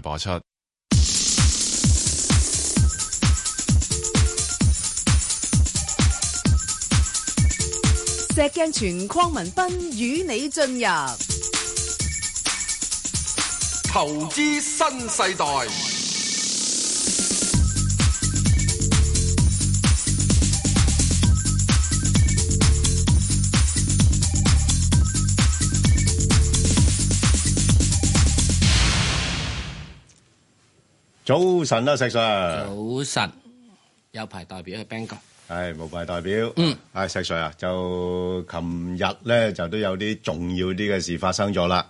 播出，石鏡泉鄺民彬與你進入投資新世代。早晨啦，石 Sir。早晨，有排代表去 Bangkok。係冇排代表。嗯。係石 Sir 啊，就琴日咧就都有啲重要啲嘅事發生咗啦。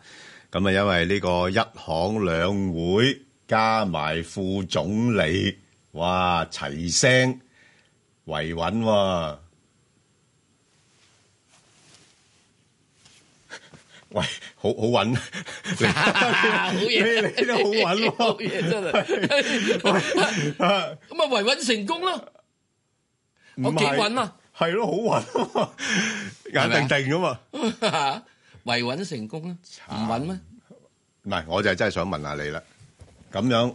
咁啊，因為呢個一行兩會加埋副總理，哇，齊聲維穩喎。喂。好好穩，好嘢你都好穩咯，真係。咁啊，維穩成功咯，好穩嘛，係咯，好穩，眼定定㗎嘛，維穩成功啦，唔穩咩？唔係，我就真係想問下你啦。咁樣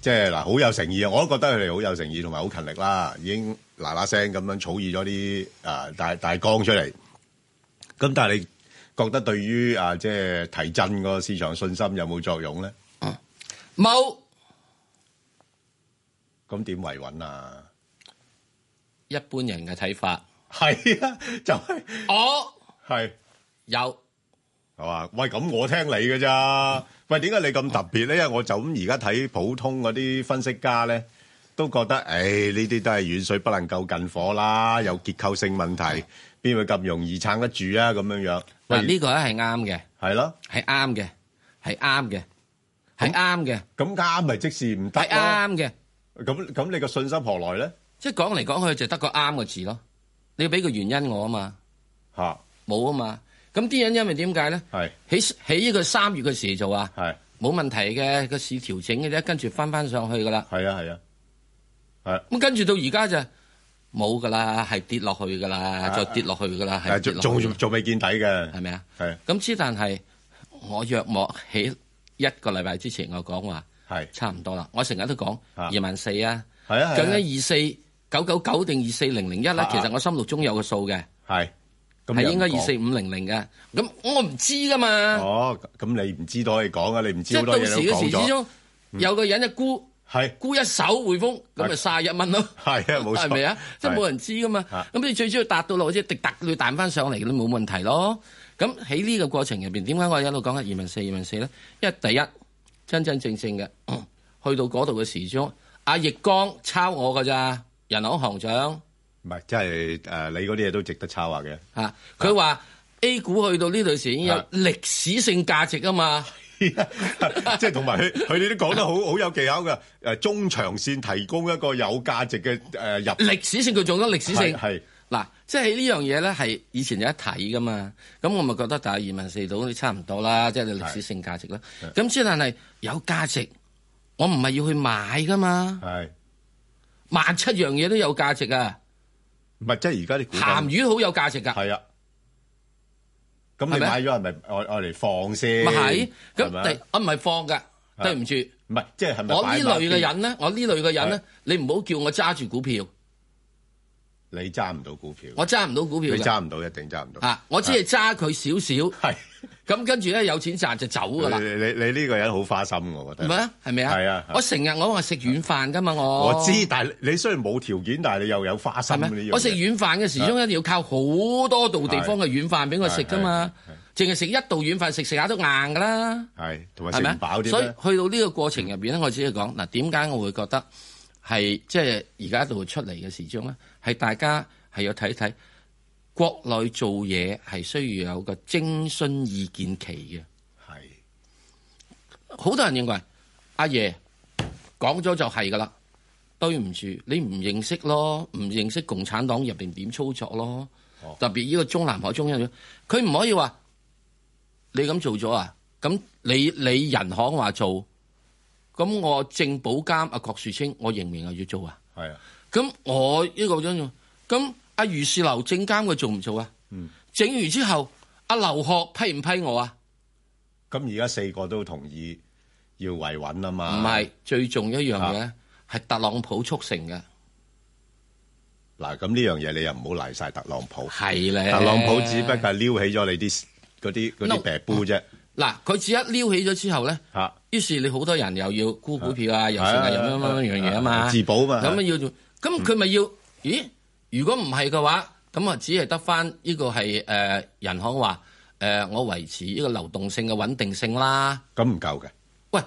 即係嗱，好有誠意啊！我都覺得佢哋好有誠意同埋好勤力啦，已經嗱嗱聲咁樣草擬咗啲誒大大綱出嚟。咁但係你覺得對於啊，即係提振個市場信心有冇作用咧？嗯，冇。咁點維穩啊？一般人嘅睇法係啊，就係我係有，係嘛？喂，咁我聽你㗎咋？喂，點解你咁特別咧？因為我就咁而家睇普通嗰啲分析家咧，都覺得誒，呢啲都係遠水不能夠近火啦，有結構性問題，邊會咁容易撐得住啊？咁樣樣。嗱呢個咧係啱嘅，係啦，係啱嘅，係啱嘅，係啱嘅。咁啱咪即時唔得？係啱嘅。咁咁你個信心何來咧？即係講嚟講去就得個啱個字咯。你要俾個原因我啊嘛。吓，冇啊嘛。咁啲人因為點解咧？係喺喺呢個三月嘅時就話係冇問題嘅個市調整嘅啫，跟住翻翻上去噶啦。係啊係啊，係。咁跟住到而家就。冇噶啦，係跌落去噶啦，再跌落去噶啦，仲仲仲未見底嘅，係咪啊？係。咁之但係，我約莫起一個禮拜之前，我講話係差唔多啦。我成日都講二萬四啊，講緊二四九九九定二四零零一啦。其實我心目中有個數嘅，係係應該二四五零零嘅。咁我唔知噶嘛。哦，咁你唔知都可以講啊，你唔知都可以講咗。到時嗰時始終，有個人就估。係沽一手匯豐，咁咪晒一蚊咯。係啊，冇錯。係咪啊？即係冇人知噶嘛。咁你最主要達到落好似滴答佢彈翻上嚟，咁冇問題咯。咁喺呢個過程入邊，點解我一路講下二問四？二問四咧，因為第一真真正正嘅、嗯、去到嗰度嘅時鐘，阿、啊、易綱抄我噶咋？人行行長唔係，即係誒，你嗰啲嘢都值得抄下嘅。吓佢話 A 股去到呢度時已經有歷史性價值啊嘛。即係同埋佢，佢哋都講得好好有技巧㗎。誒，中長線提供一個有價值嘅誒、呃、入歷史性，佢做咗歷史性係。嗱，即係呢樣嘢咧，係以前有一睇噶嘛。咁我咪覺得大二萬四度都差唔多啦，即係歷史性價值啦。咁雖然係有價值，我唔係要去買噶嘛。係萬七樣嘢都有價值啊。唔係，即係而家啲鹹魚好有價值噶。係啊。咁你買咗係咪我我嚟放先？咪係，咁我唔係放㗎，對唔住。唔係，即係我呢類嘅人咧，我呢類嘅人咧，你唔好叫我揸住股票。你揸唔到股票，我揸唔到股票，你揸唔到一定揸唔到。啊，我只係揸佢少少，係咁，跟住咧有錢賺就走㗎啦。 你你呢個人好花心，我覺得。唔係啊，係咪啊？係啊！我成日、啊、我話食軟飯㗎嘛、啊，我我知，但你雖然冇條件，但你又有花心。我食軟飯嘅時鐘、啊、一定要靠好多度地方嘅軟飯俾我食㗎嘛，淨係食一道軟飯，食食下都硬㗎啦。係，同埋食飽啲。所以去到呢個過程入邊咧，我只係講嗱，點解我會覺得係即係而家度出嚟嘅時鐘咧？係大家係要睇睇國內做嘢，係需要有個徵詢意見期嘅。係好多人認為阿爺講咗就係噶啦，對唔住你唔認識咯，唔認識共產黨入邊點操作咯、哦，特別呢個中南海中央佢唔可以話你咁做咗啊，咁你你人行話做，咁我政保監阿郭樹清我認唔認啊要做啊？係啊。咁我呢個咁，咁阿余氏劉正監佢做唔做啊？整完之後，阿劉學批唔批我啊？咁而家四個都同意要維穩啦嘛。唔係最重要一樣嘢係特朗普促成嘅。嗱，咁呢樣嘢你又唔好賴晒特朗普。係咧，特朗普只不過撩起咗你啲嗰啲嗰啲病煲啫。嗱，佢只一撩起咗之後咧，於是你好多人又要沽股票啊，又算係又乜乜乜樣嘢啊嘛，自保嘛，咁啊要做。咁佢咪要？咦？如果唔係嘅話，咁啊，只係得翻呢個係誒，人行話誒、呃，我維持呢個流動性嘅穩定性啦。咁唔夠嘅。喂，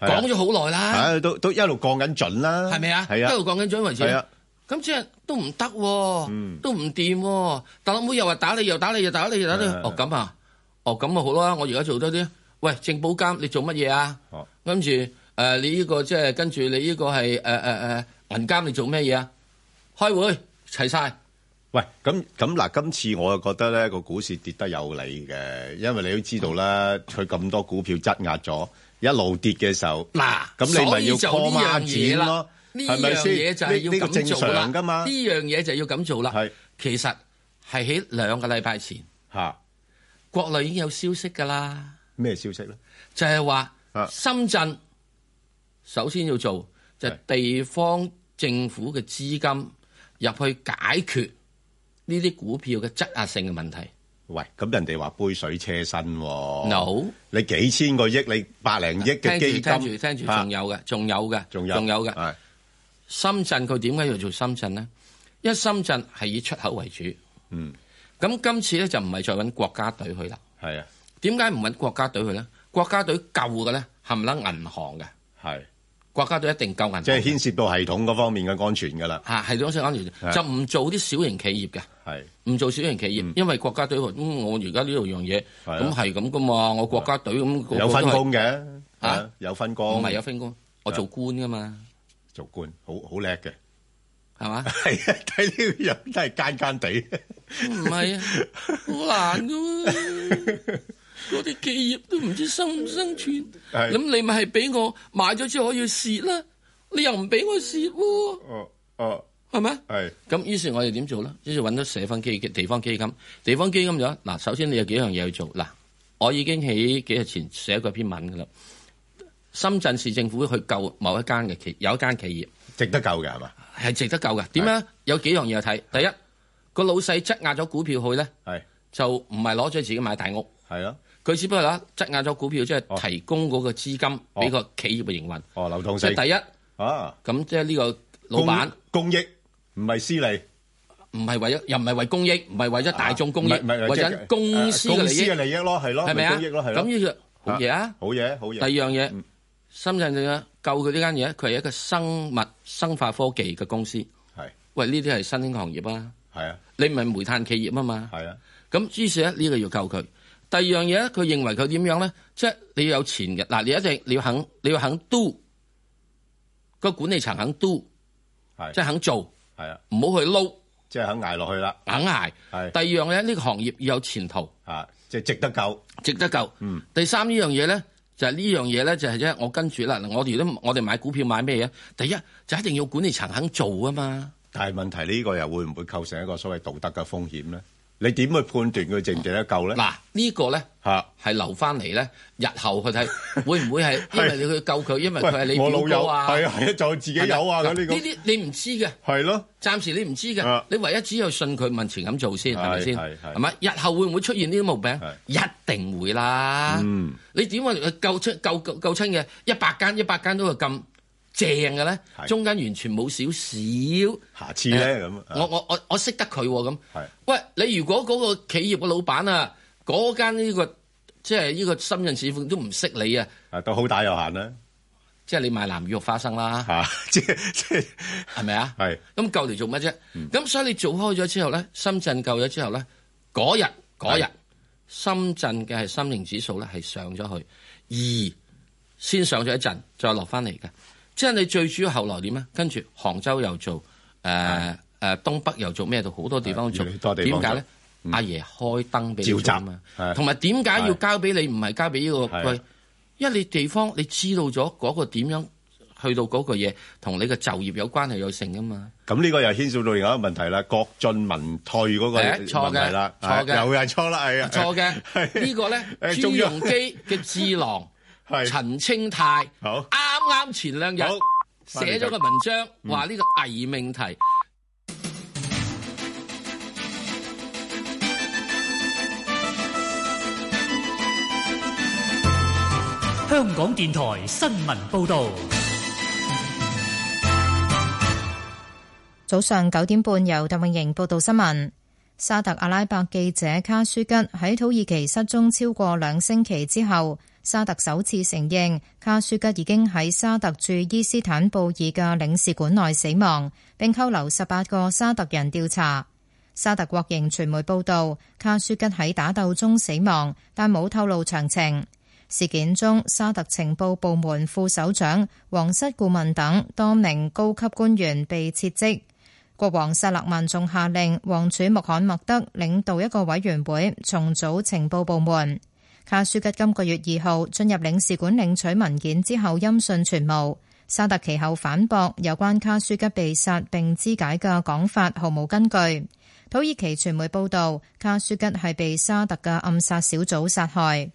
講咗好耐啦。啊、都都一路降緊準啦。係咪啊？係啊，一路降緊準維持啊。咁即係都唔得，都唔掂，啊。大佬妹又話打你，又打你，又打你，又打你。哦，咁啊，哦，咁啊、哦、好啦。我而家做多啲。喂，政保監，你做乜嘢啊？哦、跟住誒、呃，你呢個即、就、係、是、跟住你呢個係誒誒誒。呃呃銀監，你做咩嘢啊？開會齊晒。喂，咁咁嗱，今次我就覺得咧個股市跌得有理嘅，因為你都知道啦，佢咁多股票質押咗，一路跌嘅時候，嗱，咁你咪要拖孖展咯，係咪先？呢樣嘢就係要咁做啦，噶嘛？呢樣嘢就要咁做啦。係，其實係喺兩個禮拜前吓，國內已經有消息噶啦。咩消息咧？就係話深圳首先要做。就地方政府嘅資金入去解決呢啲股票嘅質押性嘅問題。喂，咁人哋話杯水車薪喎。冇你幾千個億，你百零億嘅基金，聽住聽住，聽住仲有嘅，仲有嘅，仲有嘅。深圳佢點解要做深圳咧？因為深圳係以出口為主。嗯。咁今次咧就唔係再揾國家隊去啦。係啊。點解唔揾國家隊去咧？國家隊舊嘅咧，冚唪唥銀行嘅。係。國家隊一定夠人，即係牽涉到系統嗰方面嘅安全噶啦。吓、啊，系統性安全、啊、就唔做啲小型企業嘅，係唔、啊、做小型企業，嗯、因為國家隊、嗯，我而家呢度樣嘢，咁係咁噶嘛，我國家隊咁、啊、有分工嘅，啊、啊有分工，我咪有分工，啊、我做官噶嘛，做官好好叻嘅，係嘛？係啊，睇呢啲人真係奸奸地，唔係啊，好 難噶的喎、啊。 嗰啲企業都唔知生唔生存，咁你咪係俾我買咗之後我要蝕啦，你又唔俾我蝕喎。哦、啊、哦，係、啊、咪？係。咁於是我哋點做咧？於是搵到社分基地方基金，地方基金咗。嗱，首先你有幾樣嘢去做嗱。我已經喺幾日前寫過篇文噶啦。深圳市政府去救某一間嘅企，有一間企業值得救㗎係嘛？係值得救㗎。點樣？有幾樣嘢去睇。第一，個老細質押咗股票去咧，係就唔係攞咗自己買大屋。係咯、啊。佢只不過攞質押咗股票，即係提供嗰個資金俾個企業嘅營運。哦，流動性即係第一啊！咁即係呢個老闆公益唔係私利，唔係為咗又唔係為公益，唔係為咗大眾公益，唔係為咗公司嘅利益。公司嘅利益咯，係咯，係咪啊？咁呢個好嘢啊！好嘢，好嘢。第二樣嘢，深圳嘅救佢呢間嘢，佢係一個生物生化科技嘅公司。係喂，呢啲係新興嘅行業啊。係啊，你唔係煤炭企業啊嘛。係啊，咁於是呢，呢個要救佢。第二樣嘢咧，佢認為佢點樣咧？即係你要有錢嘅，嗱，你一定要你要肯，你要肯 do 個管理層肯 do，即係、就是、肯做，係啊，唔好去撈，即係肯挨落去啦，肯挨。係第二樣嘢，呢、這個行業要有前途，吓，即、就、係、是、值得救，值得救。嗯。第三樣呢樣嘢咧，就係、是、呢樣嘢咧，就係、是、啫，我跟住啦，我哋都我哋買股票買咩嘢？第一就一定要管理層肯做啊嘛。但係問題呢、這個又會唔會構成一個所謂道德嘅風險咧？你點去判斷佢值唔值得救咧？嗱，呢個咧係留翻嚟咧，日後去睇會唔會係因為你去救佢，因為佢係你老友啊？係啊，係啊，就自己有啊。呢啲你唔知嘅，係咯，暫時你唔知嘅，你唯一只有信佢，目前咁做先，係咪先？係咪日後會唔會出現呢啲毛病？一定會啦。嗯，你點話救出救救救親嘅，一百間一百間都係咁。正嘅咧，中間完全冇少少瑕疵咧。咁、啊、我我我我識得佢咁。喂，你如果嗰個企業嘅老闆啊，嗰間呢、呢個即係呢個深圳市府都唔識你啊，啊都好打有限啦，即係你賣南乳肉花生啦嚇，即係即係係咪啊？係咁救嚟做乜啫？咁、嗯、所以你做開咗之後咧，深圳救咗之後咧，嗰日嗰日深圳嘅係深成指數咧係上咗去二先上咗一陣，再落翻嚟嘅。即係你最主要後來點啊？跟住杭州又做誒誒、呃、東北又做咩？到好多地方做，多點解咧？阿爺開燈俾你盞啊！同埋點解要交俾你？唔係交俾呢、這個貴，因為你地方你知道咗嗰個點樣去到嗰個嘢，同你嘅就業有關係有成啊嘛！咁呢個又牽涉到另一個問題啦。郭晉文退嗰個問題啦，又係錯啦，係啊，錯嘅呢個咧朱鎔基嘅智囊。 陳清泰好，啱啱前兩日寫咗個文章，話呢個偽命題。嗯。香港電台新聞報道，早上九點半由鄧永盈報道新聞。沙特阿拉伯記者卡舒吉喺土耳其失蹤超過兩星期之後。沙特首次承認卡舒吉已經喺沙特駐伊斯坦布爾嘅領事館內死亡，並扣留十八個沙特人調查。沙特國營傳媒報道，卡舒吉喺打鬥中死亡，但冇透露詳情。事件中，沙特情報部門副首長、王室顧問等多名高級官員被撤職。國王薩勒曼仲下令王儲穆罕默德領導一個委員會重組情報部門。卡舒吉今個月二號進入領事館領取文件之後，音訊全無。沙特其後反駁有關卡舒吉被殺並肢解嘅講法毫無根據。土耳其傳媒報道，卡舒吉係被沙特嘅暗殺小組殺害。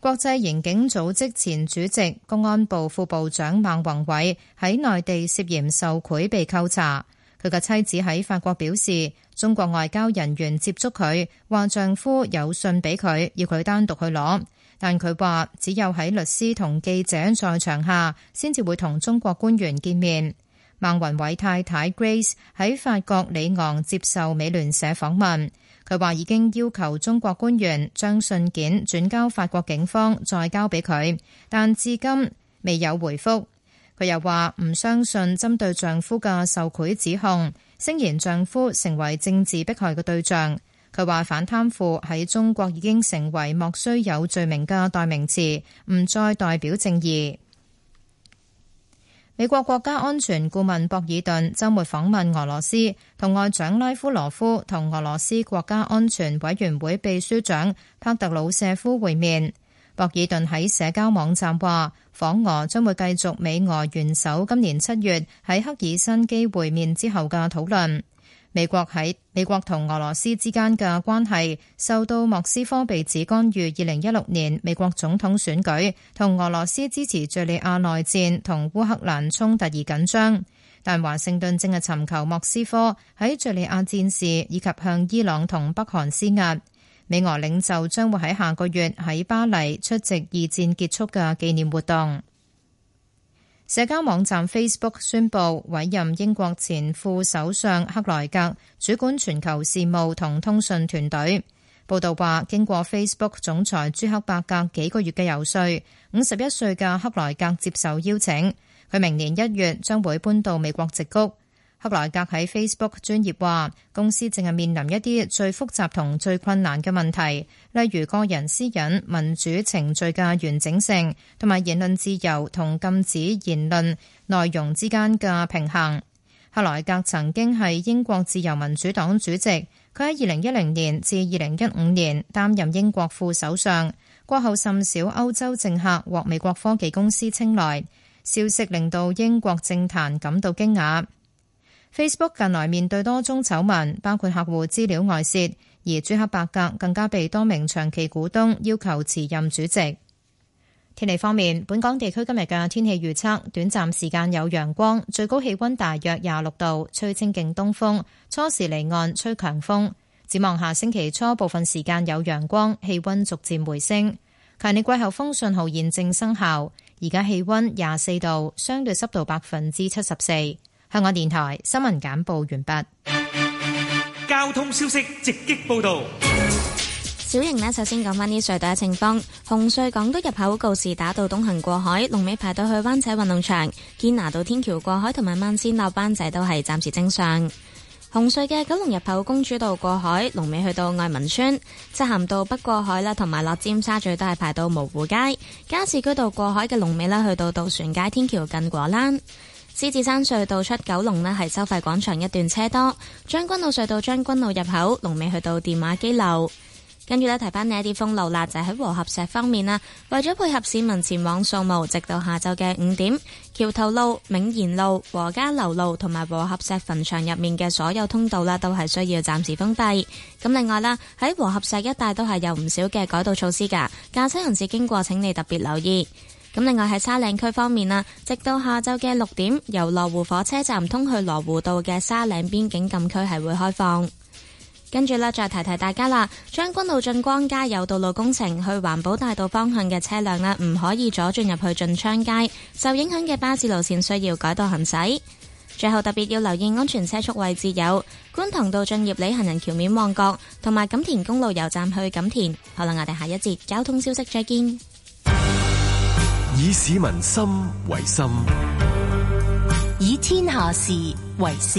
國際刑警組織前主席、公安部副部長孟宏偉喺內地涉嫌受賄被扣查。佢嘅妻子喺法國表示，中國外交人員接觸佢，話丈夫有信俾佢，要佢單獨去攞。但佢話只有喺律師同記者在場下，先至會同中國官員見面。孟雲偉太太 Grace 喺法國里昂接受美聯社訪問，佢話已經要求中國官員將信件轉交法國警方，再交俾佢，但至今未有回復。佢又話唔相信針對丈夫嘅受賄指控，聲言丈夫成為政治迫害嘅對象。佢話反貪腐喺中國已經成為莫須有罪名嘅代名詞，唔再代表正義。美國國家安全顧問博爾頓週末訪問俄羅斯，同外長拉夫羅夫同俄羅斯國家安全委員會秘書長帕特魯舍夫會面。博爾頓喺社交網站話，訪俄將會繼續美俄元首今年七月喺赫爾辛基會面之後嘅討論。美國喺美國同俄羅斯之間嘅關係受到莫斯科被指干預二零一六年美國總統選舉同俄羅斯支持敘利亞內戰同烏克蘭衝突而緊張，但華盛頓正係尋求莫斯科喺敘利亞戰事以及向伊朗同北韓施壓。美俄領袖將會喺下個月喺巴黎出席二戰結束嘅紀念活動。社交網站 Facebook 宣布委任英國前副首相克萊格主管全球事務同通訊團隊。報道話，經過 Facebook 總裁朱克伯格幾個月嘅游說，五十一歲嘅克萊格接受邀請，佢明年一月將會搬到美國矽谷。克萊格喺 Facebook 專頁話，公司淨係面臨一啲最複雜同最困難嘅問題，例如個人私隱、民主程序嘅完整性，同埋言論自由同禁止言論內容之間嘅平衡。克萊格曾經係英國自由民主黨主席，佢喺二零一零年至二零一五年擔任英國副首相過後，甚少歐洲政客獲美國科技公司青睞。消息令到英國政壇感到驚訝。Facebook 近來面對多宗醜聞，包括客戶資料外泄，而朱克伯格更加被多名長期股東要求辭任主席。天氣方面，本港地區今日嘅天氣預測，短暫時間有陽光，最高氣溫大約廿六度，吹清勁東風，初時離岸吹強風。展望下星期初，部分時間有陽光，氣溫逐漸回升。強烈季候風信號現正生效，而家氣溫廿四度，相對濕度百分之七十四。香港電台新聞簡報完畢。交通消息直擊報道。小瑩呢，首先講翻啲隧道嘅情況。紅隧港島入口告士打道東行過海，龍尾排到去灣仔運動場；堅拿道天橋過海同埋慢線落灣仔都係暫時正常。紅隧嘅九龍入口公主道過海，龍尾去到愛民邨；漆咸道北過海啦，同埋落尖沙咀都係排到蕪湖街；加士居道過海嘅龍尾呢，去到渡船街天橋近果欄。獅子山隧道出九龍呢，係收費廣場一段車多。將軍澳隧道，將軍澳入口龍尾去到電話機樓。跟住呢，提翻呢啲封路啦，就喺、是、和合石方面啊。為咗配合市民前往掃墓，直到下晝嘅五點，橋頭路、銘賢路、和家樓路同埋和合石墳場入面嘅所有通道啦，都係需要暫時封閉。咁另外啦，喺和合石一帶都係有唔少嘅改道措施噶，駕車人士經過，請你特別留意。咁另外喺沙嶺區方面啦，直到下晝嘅六點，由羅湖火車站通去羅湖道嘅沙嶺邊境禁區係會開放。跟住啦，再提提大家啦，將軍路進光街有道路工程，去環保大道方向嘅車輛啦唔可以左轉入去進昌街，受影響嘅巴士路綫需要改道行駛。最後特別要留意安全車速位置有觀塘道進業里行人橋面旺角同埋錦田公路油站去錦田。好啦，我哋下一節交通消息再見。以市民心為心，以天下事為事。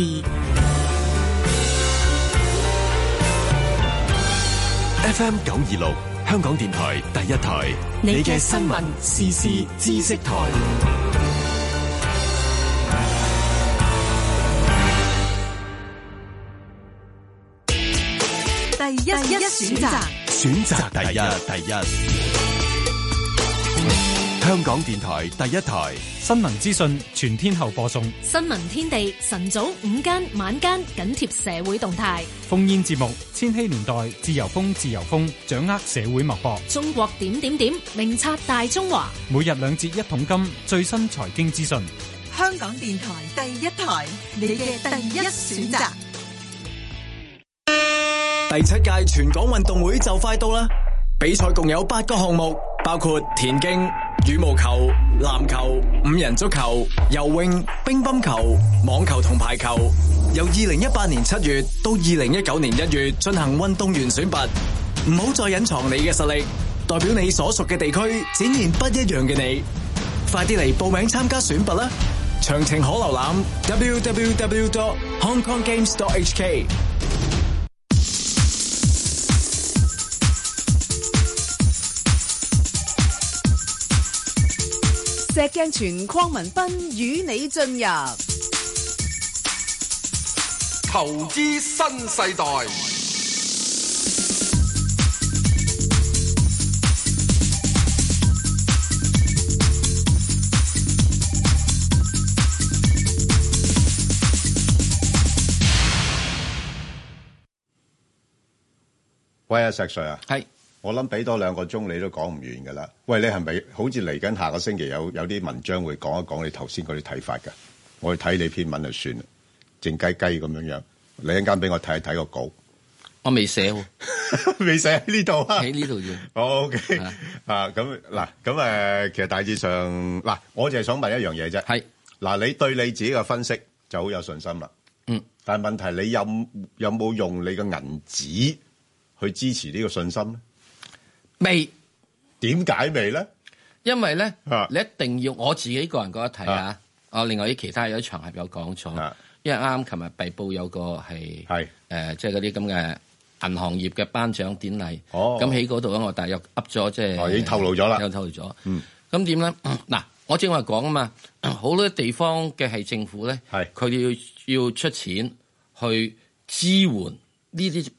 FM 九二六，香港電台第一台，你嘅新聞、時事、知識台，第一一選擇，選擇第一第一。香港電台第一台新聞資訊，全天候播送新聞天地，晨早、午間、晚間緊貼社會動態，烽煙節目，千禧年代，自由風，自由風，掌握社會脈搏，中國點點點，明察大中華，每日兩節一桶金，最新財經資訊。香港電台第一台，你嘅第一選擇。第七屆全港運動會就快到啦，比賽共有八個項目。包括田徑、羽毛球、籃球、五人足球、游泳、乒乓球、網球同排球，由二零一八年七月到二零一九年一月進行運動員選拔。唔好再隱藏你嘅實力，代表你所屬嘅地區展現不一樣嘅你。快啲嚟報名參加選拔啦！詳情可瀏覽 www.hongkonggames.hk。Www .石鏡泉鄺民彬與你進入投資新世代。喂啊石瑞。啊，係。我諗俾多兩個鐘你都講唔完噶啦，喂，你係咪好似嚟緊下個星期有有啲文章會講一講你頭先嗰啲睇法噶？我去睇你篇文就算啦，靜雞雞咁樣樣，你一陣間俾我睇一睇個稿。我未寫，未寫喺呢度啊，喺呢度要。好，okay. yeah. 啊，咁嗱，咁誒，其實大致上嗱，我就係想問一樣嘢啫。係嗱，你對你自己嘅分析就好有信心啦。嗯，但係問題你有有冇用你嘅銀紙去支持呢個信心咧？未？點解未咧？因為咧、啊，你一定要我自己個人覺得睇下啊，我啊剛剛、呃就是。哦，另外啲其他有場合係有講錯，因為啱啱琴日被捕有個係，係誒，即係嗰啲咁嘅銀行業嘅頒獎典禮。哦，咁喺嗰度咧，我大約噏咗，即係已經透露咗啦，有透露咗。嗯，咁點咧？嗱，我正話講啊嘛，好多地方嘅係政府咧，係、嗯、佢哋要要出錢去支援呢啲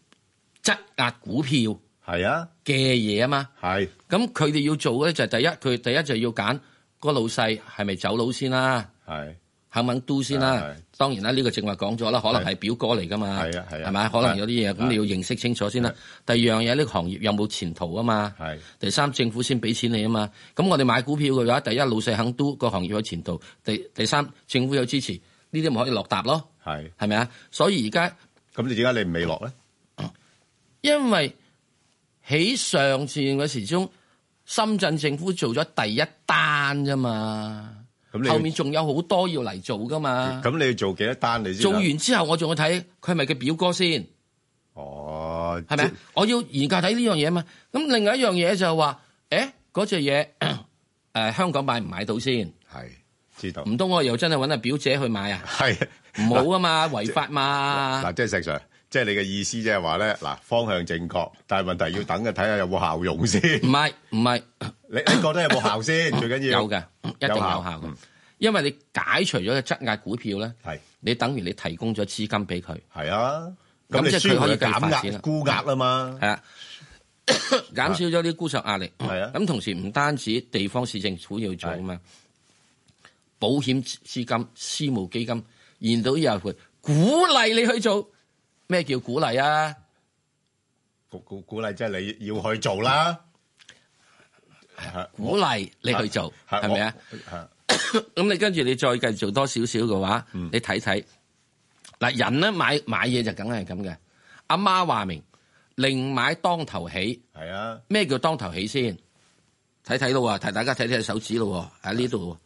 質押股票。係啊嘅嘢啊嘛，係咁佢哋要做嘅咧就係第一佢第一就要揀個老細係咪走佬先啦、啊，係肯唔肯 do 先啦、啊，當然啦呢個正話講咗啦，可能係表哥嚟噶嘛，係啊係啊，係咪可能有啲嘢咁你要認識清楚先啦、啊。第二樣嘢呢個行業有冇前途啊嘛，係第三政府先俾錢你啊嘛，咁我哋買股票嘅話，第一老細肯 do 個行業有前途，第第三政府有支持，呢啲咪可以落搭咯，係係咪啊？所以而家咁你點解你未落咧？因為。喺上次嗰時中，深圳政府做咗第一單啫嘛，後面仲有好多要嚟做噶嘛。咁你要做幾多單嚟？做完之後我仲要睇佢係咪佢表哥先。哦，係咪我要研究睇呢樣嘢啊嘛。咁另外一樣嘢就係話，誒嗰隻嘢誒香港買唔買到先？係知道。唔通我又真係搵阿表姐去買啊？係唔好啊嘛，違 法嘛。嗱，即係石 Sir 即係你嘅意思，即係話咧嗱，方向正確，但係問題要等嘅，睇下有冇效用先。唔係唔係，你你覺得有冇效先？ 最緊要有嘅，一定有效嘅，因為你解除咗個質押股票咧，係你等於你提供咗資金俾佢，係啊，咁即係可以減壓估壓啊嘛，係啊，減 少咗啲沽售壓力係啊。咁同時唔單止地方市政府要做啊嘛，保險資金、私募基金然到以後會鼓勵你去做。咩叫鼓勵啊？鼓鼓鼓勵即係你要去做啦， 鼓勵你去做係咪啊？咁 你跟住你再繼續做多少少嘅話，嗯、你睇睇嗱人咧買買嘢就梗係咁嘅。阿媽話明，寧買當頭起，係啊。咩叫當頭起先？睇睇咯，睇大家睇睇手指咯喺呢度，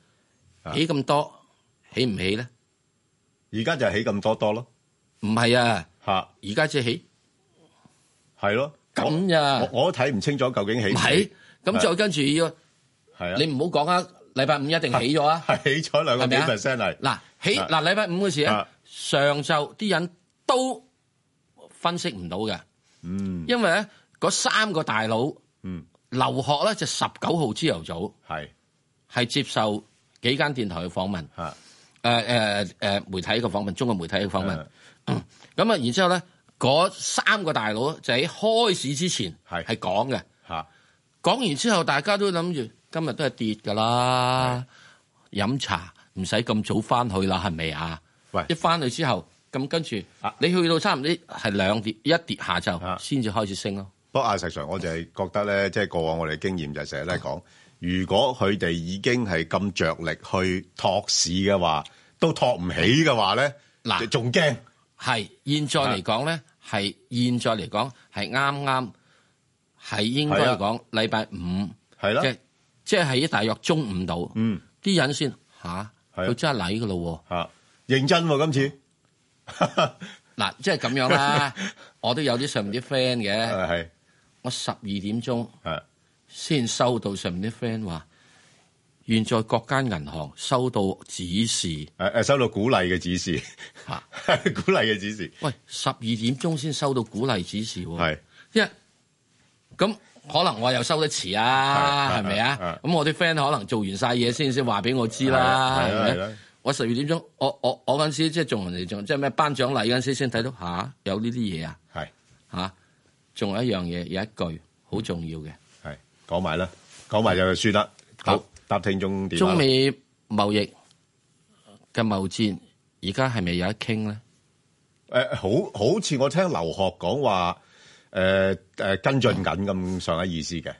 起咁多，起唔起咧？而家就起咁多多咯，唔係啊？吓，而家即起係咯咁呀？我我都睇唔清楚究竟起唔起咁，再跟住要係啊。你唔好講啊，禮拜五一定起咗啊，係起咗兩個幾 percent 嚟嗱。起嗱，禮拜五嗰時咧，上晝啲人都分析唔到嘅，嗯，因為咧嗰三個大佬，嗯，劉鶴咧就十九號朝頭早係係接受幾間電台嘅訪問，誒誒誒，媒體嘅訪問，中國媒體嘅訪問。咁啊，然之後咧，嗰三個大佬就喺開市之前係係講嘅嚇，講、啊、完之後大家都諗住今日都係跌噶啦，飲茶唔使咁早翻去啦，係咪啊？喂！一翻去之後，咁跟住、啊、你去到差唔多係兩跌一跌，下晝先至、啊、開始升咯。不過啊，石 Sir，實上我就係覺得咧，即、就、係、是、過往我哋經驗就成日咧講，如果佢哋已經係咁着力去托市嘅話，都托唔起嘅話咧，嗱仲驚。係，現在嚟講咧，係現在嚟講，係啱啱，係應該嚟講禮拜五，係即係係大約中午度，嗯，啲人先吓，佢、啊、真係禮噶咯，吓，認真喎、啊、今次，嗱，即係咁樣啦，就是樣啊、 我都有啲上面啲 friend 嘅，我十二點鐘，先收到上面啲 friend 話。原在各間銀行收到指示，誒、啊、誒，收到鼓勵嘅指示吓，啊、 鼓勵嘅指示。喂，十二點鐘先收到鼓勵指示喎，係，因為咁可能我又收得遲啊，係咪啊？咁、啊、我啲 friend 可能做完晒嘢先先話俾我知啦，係啦、啊啊啊啊啊啊，我十二點鐘，我我我嗰陣時即係、就是、仲人哋仲，即係咩頒獎禮嗰陣時先睇到吓有呢啲嘢啊，係吓、啊，仲、啊、有一樣嘢有一句好重要嘅，係講埋啦，講埋就係算啦，好。好答聽點、啊、中美貿易嘅貿易戰而家係咪有得傾咧？誒、呃，好好似我聽劉鶴講話，誒、呃、誒、呃、跟進緊咁上下意思嘅，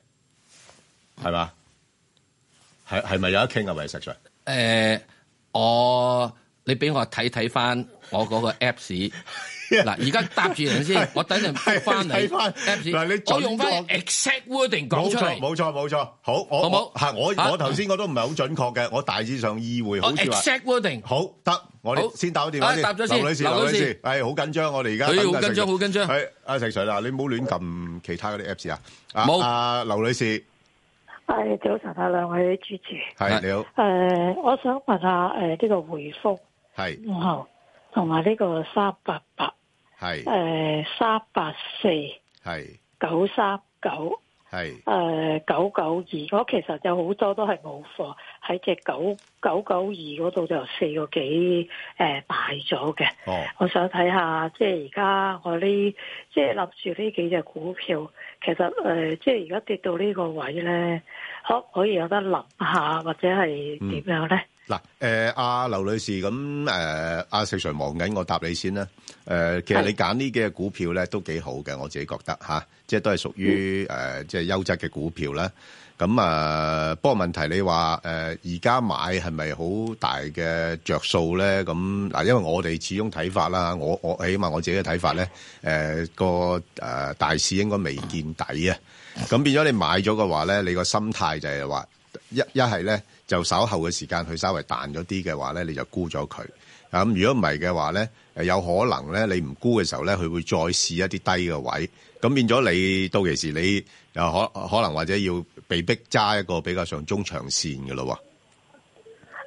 係、嗯、嘛？係係咪有得傾啊？維實在？誒，我你俾我睇睇翻我嗰個 Apps。 嗱，而家答住人先，我等陣翻嚟。嗱，你再用翻 exact wording 講出嚟，冇錯，冇錯，冇錯。好，好唔好？吓，我我頭先我都唔係好準確嘅，我大致上意會好似話。exact wording 好得，我先打個電話先。劉女士，劉女士，係好緊張，我哋而家好緊張，好緊張。係阿石 Sir 嗱，你唔好亂撳其他嗰啲 apps 啊。冇。阿劉女士，係早晨啊，兩位主持，係你好。誒，我想問下誒呢個回覆係好，同埋呢個三八八。係，誒、呃，三八四，係，九三九，係、哦，誒，九九二，我其實有好多都係冇貨，喺隻九九九二嗰度就有四個幾，誒、呃，大咗嘅。哦，我想睇下，即係而家我呢，即係立住呢幾隻股票，其實誒、呃，即係而家跌到呢個位咧，可唔可以有得諗下，或者係點樣咧？嗯嗱、呃，誒，阿劉女士，咁、呃、誒，阿、啊、石 Sir 忙緊，我答你先啦。誒、呃，其實你揀呢幾隻股票咧，都幾好嘅，我自己覺得吓、啊，即係都係屬於誒、呃，即係優質嘅股票啦。咁啊，不過問題你話誒，而、呃、家買係咪好大嘅着數咧？咁、啊、嗱，因為我哋始終睇法啦，我我起碼我自己嘅睇法咧，誒、呃，個誒、呃、大市應該未見底啊。咁變咗你買咗嘅話咧，你個心態就係話，一一係咧。就稍後嘅時間佢稍微彈咗啲嘅話咧，你就沽咗佢。咁如果唔係嘅話咧，有可能咧你唔沽嘅時候咧，佢會再試一啲低嘅位，咁變咗你到其時你又可可能或者要被逼揸一個比較上中長線嘅咯喎。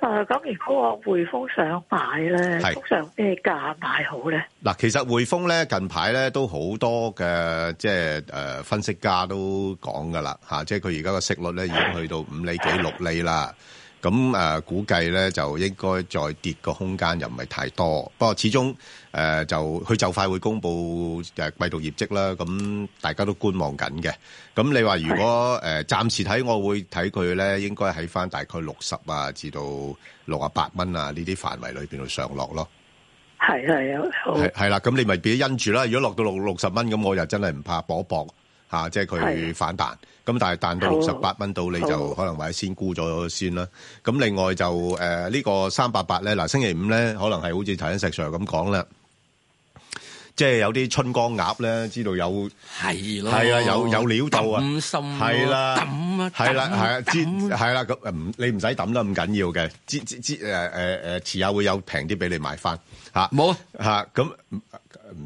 誒，咁如果我匯豐想買咧，係上咩價買好咧？嗱，其實匯豐咧近排咧都好多嘅，即係誒分析家都講噶啦嚇，即係佢而家嘅息率咧已經去到五釐幾六釐啦。咁誒估計咧，就應該再跌個空間又唔係太多，不過始終誒就佢就快會公布誒季度業績啦。咁大家都觀望緊嘅。咁你話如果誒暫時睇，我會睇佢咧，應該喺翻大概六十啊至到六十八蚊啊呢啲範圍裏邊度上落咯。係係好係啦，咁你咪俾因住啦。如果落到六六十蚊，咁我又真係唔怕搏搏。嚇、啊，即係佢反彈，咁但係彈到六十八蚊度，你就可能或者先沽咗先啦。咁另外就誒、呃這個、呢個三百八咧，嗱星期五咧，可能係好似頭先石 Sir 咁講啦。即係有啲春光鴨咧，知道有係咯，係啊，有有料到啊，心係啦，咁啊，係啦，係啊，係啦，咁唔你唔使抌得咁緊要嘅，知知知誒誒誒，遲下會有平啲俾你買翻嚇，冇嚇，咁唔唔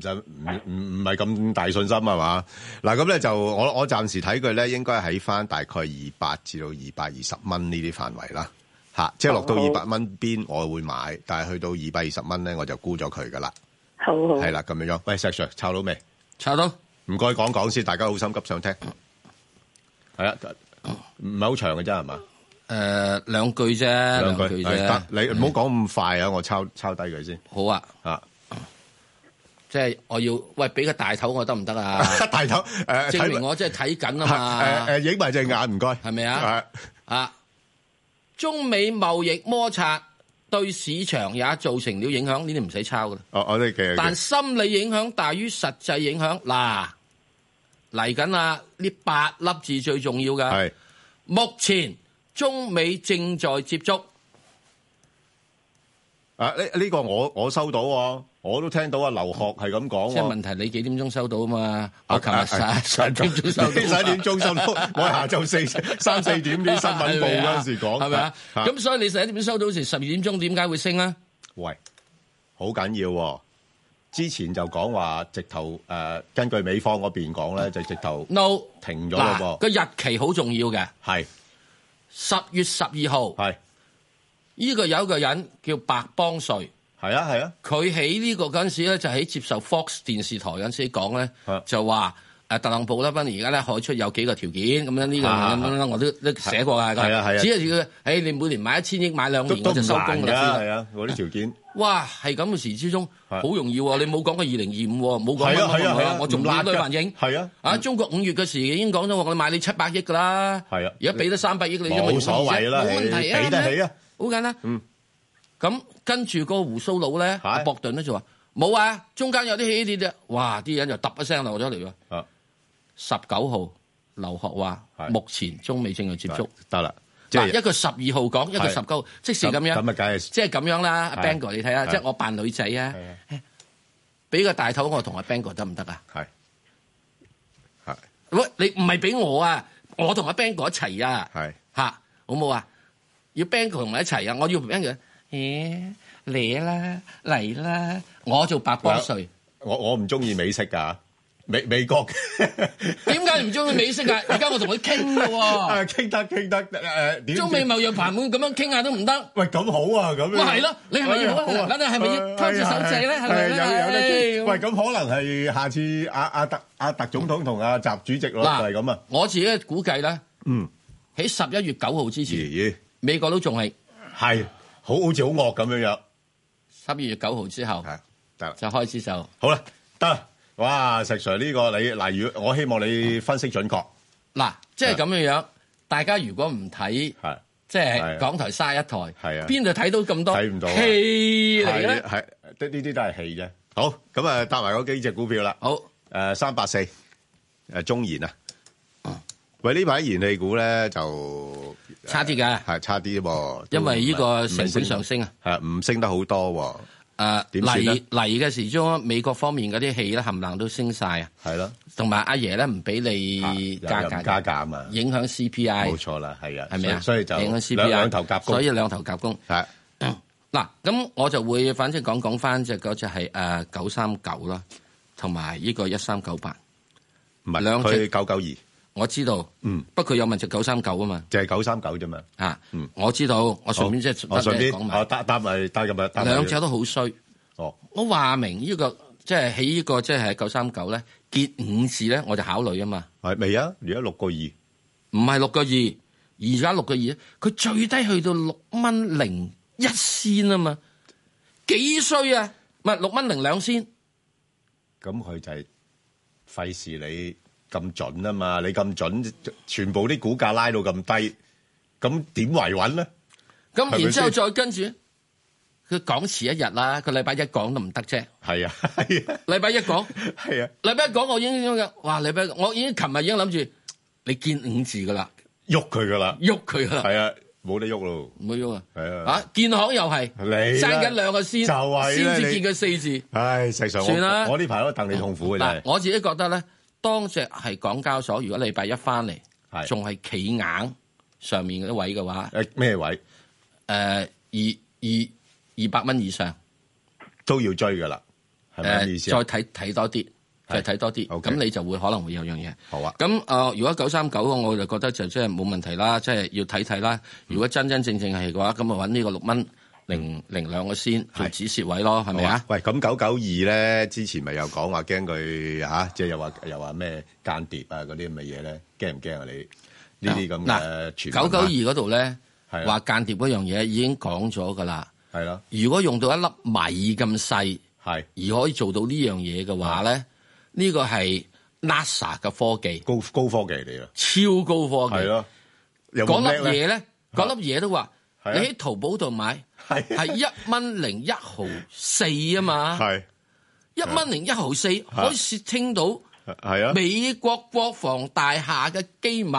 唔唔係咁大信心係嘛？嗱，咁咧 就我我暫時睇佢咧，應該喺翻大概二百至到二百二十蚊呢啲範圍啦，嚇，即係落到二百蚊邊，我會買，但係去到二百二十蚊咧，我就沽咗佢噶啦。係啦，咁樣樣。喂，石 Sir，抄到未？抄到，唔該講講先，大家好心急想聽。係啊，唔係好長嘅啫，係嘛？誒，兩句啫，兩句啫。得，你唔好講咁快啊！我抄抄低佢先。好啊。啊，即係我要喂俾個大頭，我得唔得啊？大頭，誒，證明我真係睇緊啊嘛。誒誒，影埋隻眼，唔該，係咪啊？啊，中美貿易摩擦。對市場也造成了影響，呢啲唔使抄㗎。哦，我哋嘅但心理影響大於實際影響。嗱，嚟緊啦，呢八粒字最重要㗎。係目前中美正在接觸。啊，呢呢個我我收到。我都聽到啊，劉學係咁講。即係問題，你幾點鐘收到啊嘛？我琴日十一點鐘收到。我下晝四三四點啲新聞報嗰陣時講，係咪啊？咁所以你十一點鐘收到時十二點鐘點解會升咧？喂，好緊要。之前就講話直頭誒，根據美方嗰邊講咧，就直頭 no 停咗啦噃。個日期好重要嘅，係十月十二號。係呢個有個人叫白邦瑞。係啊係啊，佢喺呢個嗰陣時咧，就喺接受 Fox 電視台嗰陣時講咧、啊，就話誒特朗普啦，不如而家咧海出有幾個條件咁樣呢個、啊啊，我都都寫過噶。係啊係啊，只係要你每年買一千億買兩年我就收工啦。係啊，嗰啲條件。哇，係咁嘅事之中好容易喎、啊，你冇講過二零二五，冇講過啊係啊，啊，我仲拉低反應。係啊，啊，啊中國五月嘅時已經講咗話，我買你七百億噶啦。係啊，而家俾得三百億你，你因為冇所謂啦，冇問題啊，俾得起啊，好簡單。咁跟住個胡鬚佬咧，阿、啊、博頓咧就話冇啊，中間有啲起啲啫。哇！啲人就揼一聲落咗嚟喎。十、啊、九號劉鶴話目前中美正在接觸，得啦、啊。一個十二號講，一個十九、啊，即時係咁樣。咁啊、就係，梗即係咁樣啦。啊、Bangor，你睇下、啊啊，即係我扮女仔啊，俾、啊哎、個大頭我同阿 Bangor 得唔得啊？喂、啊啊，你唔係俾我啊，我同阿 Bangor 一齊啊。係、啊啊、好冇啊？要 Bangor 同埋一齊啊，我要 Bangor、啊。耶嚟啦嚟啦！我做白幫稅，我我唔中意美式噶美美國，點解唔中意美式噶？而家我同佢傾嘅喎，傾得傾得誒，中美貿易談判咁樣傾下都唔得。喂，咁好啊咁樣，咪係咯？你係咪要？嗱嗱係咪要攤住手掣咧？係咪咧？喂，咁可能係下次阿阿特阿特總統同阿習主席咯，就係咁啊！我自己估計咧，嗯，喺十一月九號之前，美國都仲係係。好好似好惡咁樣樣，十二月九號之後，係得、啊啊、就開始就好啦，得哇！石 Sir 呢個你嗱，如我希望你分析準確，嗱、啊，即係咁樣樣、啊，大家如果唔睇，係即係港台卅一台，係啊，邊度睇到咁多？睇唔到戲嚟咧，係，呢啲、啊啊、都係戲啫。好，咁啊，搭埋嗰幾隻股票啦。好，誒、呃，三八四誒，中燃啊、嗯，喂，呢排燃氣股咧就。差啲嘅，係差啲，因為呢個成本上升啊，係唔升得好多。誒，嚟嚟嘅時中，美國方面嗰啲氣啦、冚唪唥都升晒啊，係咯，同埋阿爺咧唔俾你加價，加價啊嘛，影響 CPI，冇錯啦，係啊，係咪啊？所以就影響 CPI，兩兩頭夾攻，所以兩頭夾攻。係嗱，咁我就會反正講講翻隻嗰隻係誒九三九啦，同埋呢個一三九八，唔係兩隻九九二。我知道，嗯，不過佢有問隻九三九啊嘛，就係九三九啫嘛，吓，嗯，我知道，我順便即係我順便，我答答埋，答今日，兩隻都好衰，哦，我話明呢個即係喺呢個即係喺九三九咧，結五字咧，我就考慮啊嘛，係未啊？而家六個二，唔係六個二，而家六個二，佢最低去到六蚊零一仙啊嘛，幾衰啊？唔係六蚊零兩仙，咁佢就係費事你。咁準啊嘛！你咁準，全部啲股價拉到咁低，咁點維穩咧？咁然之後再跟住佢講遲一日啦，佢禮拜一講都唔得啫。係啊係啊，禮拜一講係啊，禮拜一講我已經哇，禮拜我已經琴日已經諗住你見五字噶啦，喐佢噶啦，喐佢噶啦。係啊，冇得喐咯，冇喐啊。係啊，啊建行又係、就是，你爭緊兩個先就為咧見個四字。唉，實際上算我我呢排都戥你痛苦嘅、啊啊，真係，我自己覺得咧。當只係港交所，如果禮拜一翻嚟，仲係企硬上面嗰啲位嘅話，誒咩位？誒二二二百蚊以上都要追㗎啦，係咪意思？再睇睇多啲，再睇多啲，咁、okay. 你就會可能會有樣嘢。好啊。咁誒、呃，如果九三九嘅，我就覺得就即係冇問題啦，即、就、係、是、要睇睇啦。如果真真正正係嘅話，咁啊搵呢個六蚊零零兩個先係止蝕位咯，係咪啊？喂，咁九九二咧，之前咪又講話驚佢嚇，即、啊、係、就是、又話又話咩間諜啊嗰啲咁嘅嘢咧，驚唔驚啊你？啊這這啊呢啲咁嘅九九二嗰度咧，話、啊、間諜嗰樣嘢已經講咗噶啦。係、啊、如果用到一粒米咁細，係、啊、而可以做到的呢樣嘢嘅話咧，呢、啊這個係 NASA 嘅科技，高高科技嚟咯，超高科技。係咯、啊，講粒嘢咧，講粒嘢都話、啊、你喺淘寶度買。係 係一蚊零一毫四啊嘛，係一蚊零一毫四，可以聽清到係啊美國國防大廈嘅機密，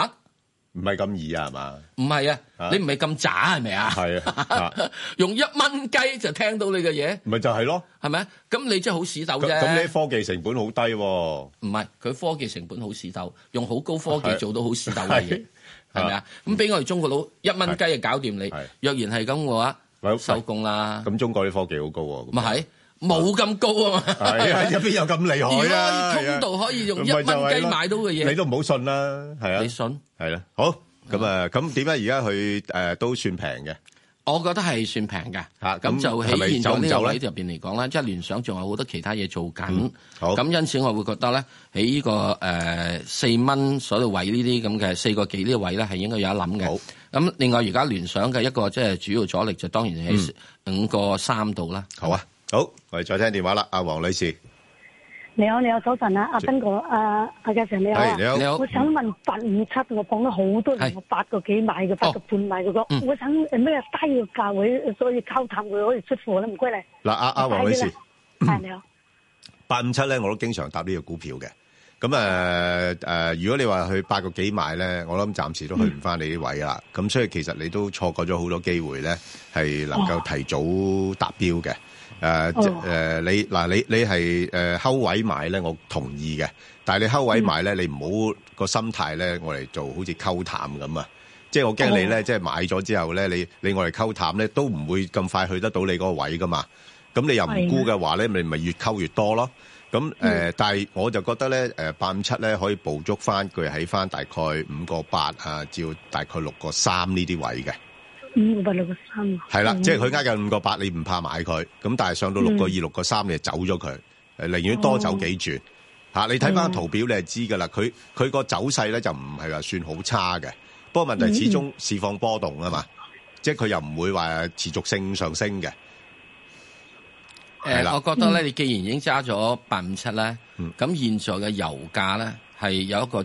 唔係咁易啊嘛，唔係啊，啊，你唔係咁渣係咪啊？係啊， 用一蚊雞就聽到你嘅嘢，唔咪、啊、 就係咯，係、就、咪、是？咁你真係好屎斗啫。咁你啲科技成本好低，啊，唔係佢科技成本好屎斗，用好高科技做到好屎斗嘅嘢，係咪啊？咁俾、嗯、我哋中國佬一蚊雞就搞掂你是是，若然係咁嘅話。收工啦！咁中國啲科技好高喎，咪係冇咁高啊嘛，係啊，邊有咁厲害啊，而家啲通道可以用一蚊雞買到嘅嘢，你都唔好信啦，係啊，你信，係啦，好咁啊，咁點解而家佢誒都算平嘅？我覺得係算平嘅，咁、啊、就喺現在個位置係唔係走唔走呢位入面嚟講啦，即係聯想仲有好多其他嘢做緊，咁、嗯、因此我會覺得咧、這個，喺呢個誒四蚊所嘅位呢啲咁嘅四個幾呢位咧係應該有一諗嘅。咁另外而家聯想嘅一個即係主要阻力就當然係五個三度啦。好啊，好，我哋再聽電話啦，阿黃女士。你好，你好早晨啊，阿斌哥，啊、阿阿嘉成你好啊，你好，我想問八五七，我講咗好多次，我八個幾買嘅，八個半買嘅，我想咩低嘅價位，所以溝淡佢可以出貨咧，唔該你。嗱、啊，阿阿黃女士，你好，八五七咧，我都經常搭呢個股票嘅，咁誒誒，如果你話去八個幾買咧，我諗暫時都去唔翻你啲位啦，咁、嗯、所以其實你都錯過咗好多機會咧，係能夠提早達標嘅。哦誒、呃、誒、oh. 呃，你嗱你你係誒拋位買咧，我同意嘅。但係你拋位買咧，mm. 你唔好個心態咧，我嚟做好似溝淡咁啊！即係我驚你咧，oh. 即係買咗之後咧，你你我嚟溝淡咧，都唔會咁快去得到你嗰個位噶嘛。咁你又唔沽嘅話咧，你咪越溝越多咯。咁、呃、誒，mm. 但係我就覺得咧，誒八五七咧可以捕捉翻佢喺翻大概五個八啊，至到大概六個三呢啲位嘅。五百六個三係啦，即係佢加緊五個八，你唔怕買佢，咁但係上到六個二、六個三，你就走咗佢，誒，寧願多走幾轉吓、哦啊。你睇翻圖表你就，你係知噶啦，佢佢個走勢咧就唔係話算好差嘅，不過問題始終市況波動啊嘛、嗯嗯，即係佢又唔會話持續性上升嘅。誒、呃，我覺得咧，你既然已經揸咗八五七咧，咁、嗯、現在嘅油價咧係有一個。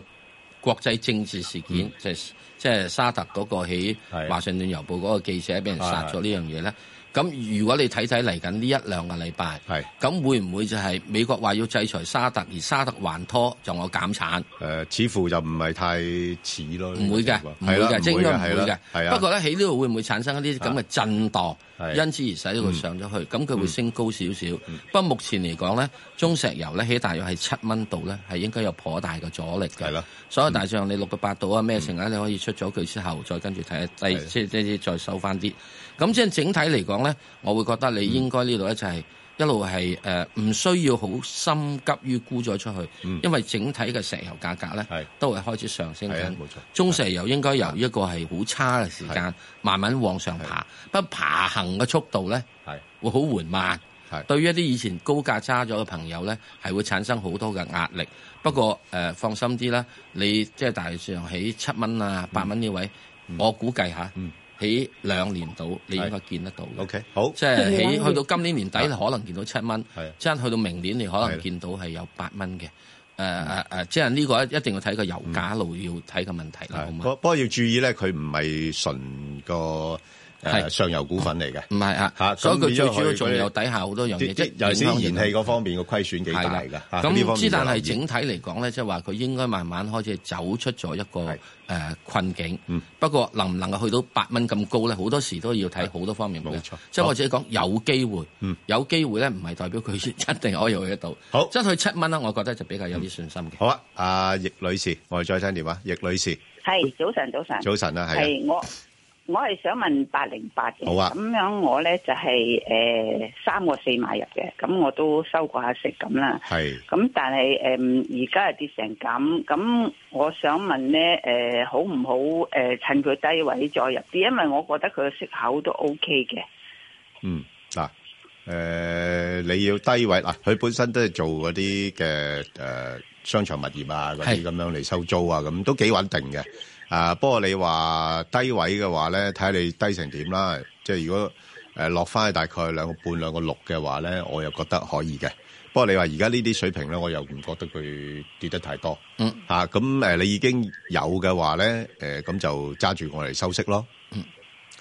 國際政治事件，嗯、即係即係沙特嗰個喺《華盛頓郵報》嗰個記者俾人殺咗呢樣嘢咧。咁如果你睇睇嚟緊呢一兩個禮拜，咁會唔會就係美國話要制裁沙特，而沙特還拖，仲有減產？誒、呃，似乎就唔係太似咯。唔會嘅，唔會嘅，即係應該唔會嘅。係啊。不過咧，喺呢度會唔會產生一啲咁嘅震盪？因此而使到佢上咗去，咁、嗯、佢會升高少少、嗯。不過目前嚟講咧，中石油咧起大約係七蚊度咧，係應該有頗大嘅阻力嘅。係啦。所以大象你六百八度啊，咩成啊，你可以出咗佢之後，再跟住睇下，再即係即再收翻啲。咁即係整體嚟講咧，我會覺得你應該呢度咧就係一路係誒唔需要好心急於沽咗出去、嗯，因為整體嘅石油價格咧都係開始上升緊。冇錯，中石油應該由一個係好差嘅時間，慢慢往上爬，不過爬行嘅速度咧係會好緩慢。係對於一啲以前高價差咗嘅朋友咧，係會產生好多嘅壓力。不過誒、呃，放心啲啦，你即係大上起七蚊啊、八蚊呢位、嗯，我估計下。嗯起兩年到，你應該見得到嘅。OK，好，即係起去到今年年底，你可能見到七蚊。即係去到明年，你可能見到係有八蚊嘅。誒誒誒，即係呢個一一定要睇個油價路、嗯、要睇個問題啦。好唔好？不過要注意咧，佢唔係純個。係上游股份嚟嘅，唔係啊，啊，所以佢最主要仲有底下好多樣嘢，即係有啲燃氣嗰方面嘅虧損幾大噶。咁之、啊、但係整體嚟講咧，即係話佢應該慢慢開始走出咗一個誒、呃、困境、嗯。不過能唔能夠去到八蚊咁高咧，好多時都要睇好多方面。冇錯，即係、就是、我自己講有機會，嗯、有機會咧唔係代表佢一定可以去得到。好，即、就、係、是、去七蚊啦，我覺得就比較有啲信心嘅、嗯。好啊，阿易女士，我哋再聽電話，易女士係早晨，早晨，早晨啊，係我。我係想問八零八嘅，好啊。咁樣我咧就係誒三個四買入嘅，咁我都收過下息咁啦。係。咁但係誒，而家係跌成咁，咁我想問咧誒，好唔好誒趁佢低位再入啲？因為我覺得佢嘅息口都 OK 嘅。嗯，嗱，誒你要低位嗱，佢本身都係做嗰啲嘅誒商場物業啊，嗰啲咁樣嚟收租啊，咁都幾穩定嘅。啊！不過你話低位嘅話咧，睇下你低成點啦。即係如果、呃、落翻去大概兩個半兩個六嘅話咧，我又覺得可以嘅。不過你話而家呢啲水平咧，我又唔覺得佢跌得太多。嗯。吓、咁、誒、你已經有嘅話咧，誒、呃、咁就揸住我嚟收息咯。嗯。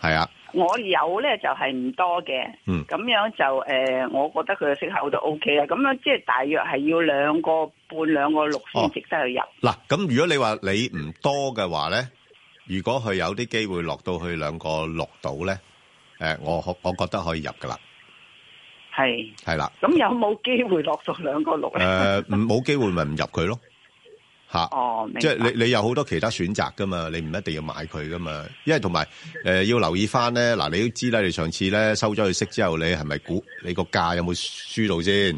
係啊。我有咧就係唔多嘅。咁、嗯、樣就誒、呃，我覺得佢嘅息口都 O K 啦。咁樣即係大約係要兩個半兩個六先值得去入。嗱、哦，咁如果你，你話你唔多嘅話咧，如果佢有啲機會落到去兩個六度咧，誒、呃，我我我覺得可以入噶啦。係係啦，咁有冇機會落到兩個六咧？誒、呃，冇機會咪唔入佢咯。吓、啊哦，即係你你有好多其他選擇噶嘛，你唔一定要買佢噶嘛，因為同埋誒要留意翻咧，嗱你都知啦，你上次咧收咗佢息之後，你係咪估你個價有冇輸到先？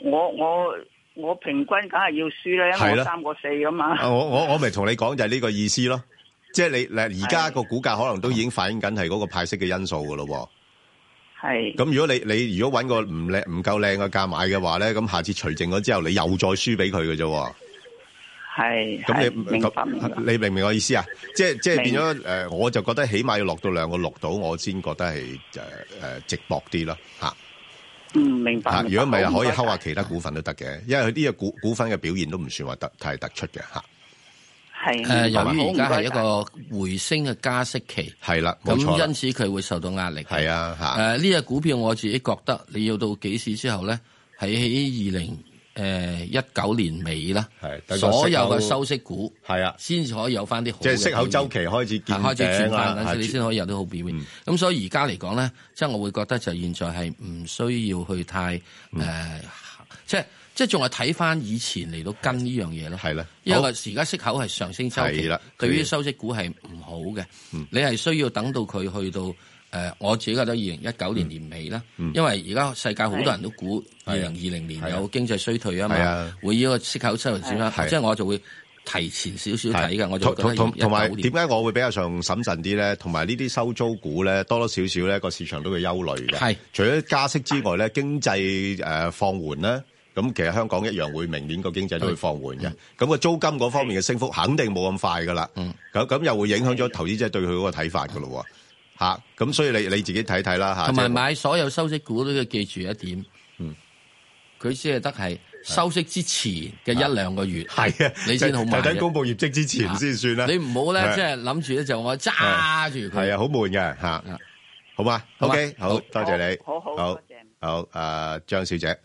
我我我平均梗係要輸啦，因為三個四噶嘛。我我我咪同你講就係呢個意思咯， 即係你嗱而家個股價可能都已經反映緊係嗰個派息嘅因素噶咯。係咁，如果你你如果搵個唔靚唔夠靚嘅價買嘅話咧，咁下次除淨咗之後，你又再輸俾佢嘅啫。係，咁你，你，你明白，你明唔明我意思啊？即係即係變咗誒，我就覺得起碼要落到兩個六到，我先覺得係誒誒值博啲咯吓。嗯，明白。吓、啊，如果唔係，可以敲下其他股份都得嘅，因為佢呢個股股份嘅表現都唔算話得太突出嘅吓。係，由於而家係一個回升嘅加息期，係啦，咁因此佢會受到壓力。係啊，吓誒呢隻股票我自己覺得你要到幾時之後咧，喺二零誒一九年尾啦，係所有嘅收息股係啊，先至可以有翻啲，好，即係息口周期開始開始轉翻，你先可以有啲好表面咁、嗯、所以而家嚟講咧，即係我會覺得就現在係唔需要去太誒，即、呃、係。嗯就是即係仲係睇翻以前嚟到跟呢樣嘢咯，係啦，因為而家息口係上升周期是是，對於收息股係唔好嘅，嗯。你係需要等到佢去到誒，我自己覺得二零一九年年尾啦、嗯，因為而家世界好多人都估二零二零年有經濟衰退啊嘛，會呢個息口收縮點啦，即係我就會提前少少睇嘅。我就同埋點解我會比較上審慎啲咧？同埋呢啲收租股咧，多多少少咧，個市場都會憂慮嘅。除咗加息之外咧，經濟誒、呃、放緩咧。咁其實香港一樣會明年個經濟都會放緩嘅，咁個租金嗰方面嘅升幅肯定冇咁快噶啦。咁咁又會影響咗投資者對佢嗰個睇法噶咯喎。咁所以你你自己睇睇啦嚇，同埋買所有收息股都要記住一點，嗯，佢先係得係收息之前嘅一兩個月，係啊，你先好買。就等公佈業績之前先算啦。你唔好咧，即係諗住咧就我揸住佢。係啊，好悶嘅嚇，好嘛？OK，好，好多謝你，好好多謝，誒、啊、張小姐。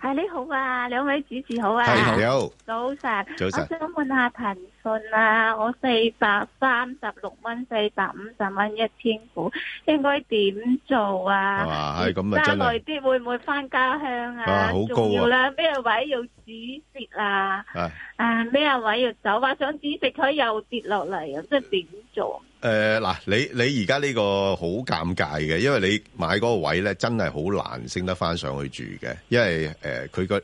係你好啊，兩位主持好啊。你好,好,、啊你好，早晨。早晨，我想問下騰訊啊，我四百三十六蚊，四百五十蚊一千股，應該點做啊？係咁啊，真係。加耐啲會唔會返家鄉啊？好、啊、高啊。仲有咩位要止蝕啊？啊，咩、啊、位要走啊？想止蝕佢又跌落嚟，啊。即係點做？誒，嗱，你你而家呢個好尷尬嘅，因為你買嗰個位咧，真係好難升得翻上去住嘅，因為誒，佢個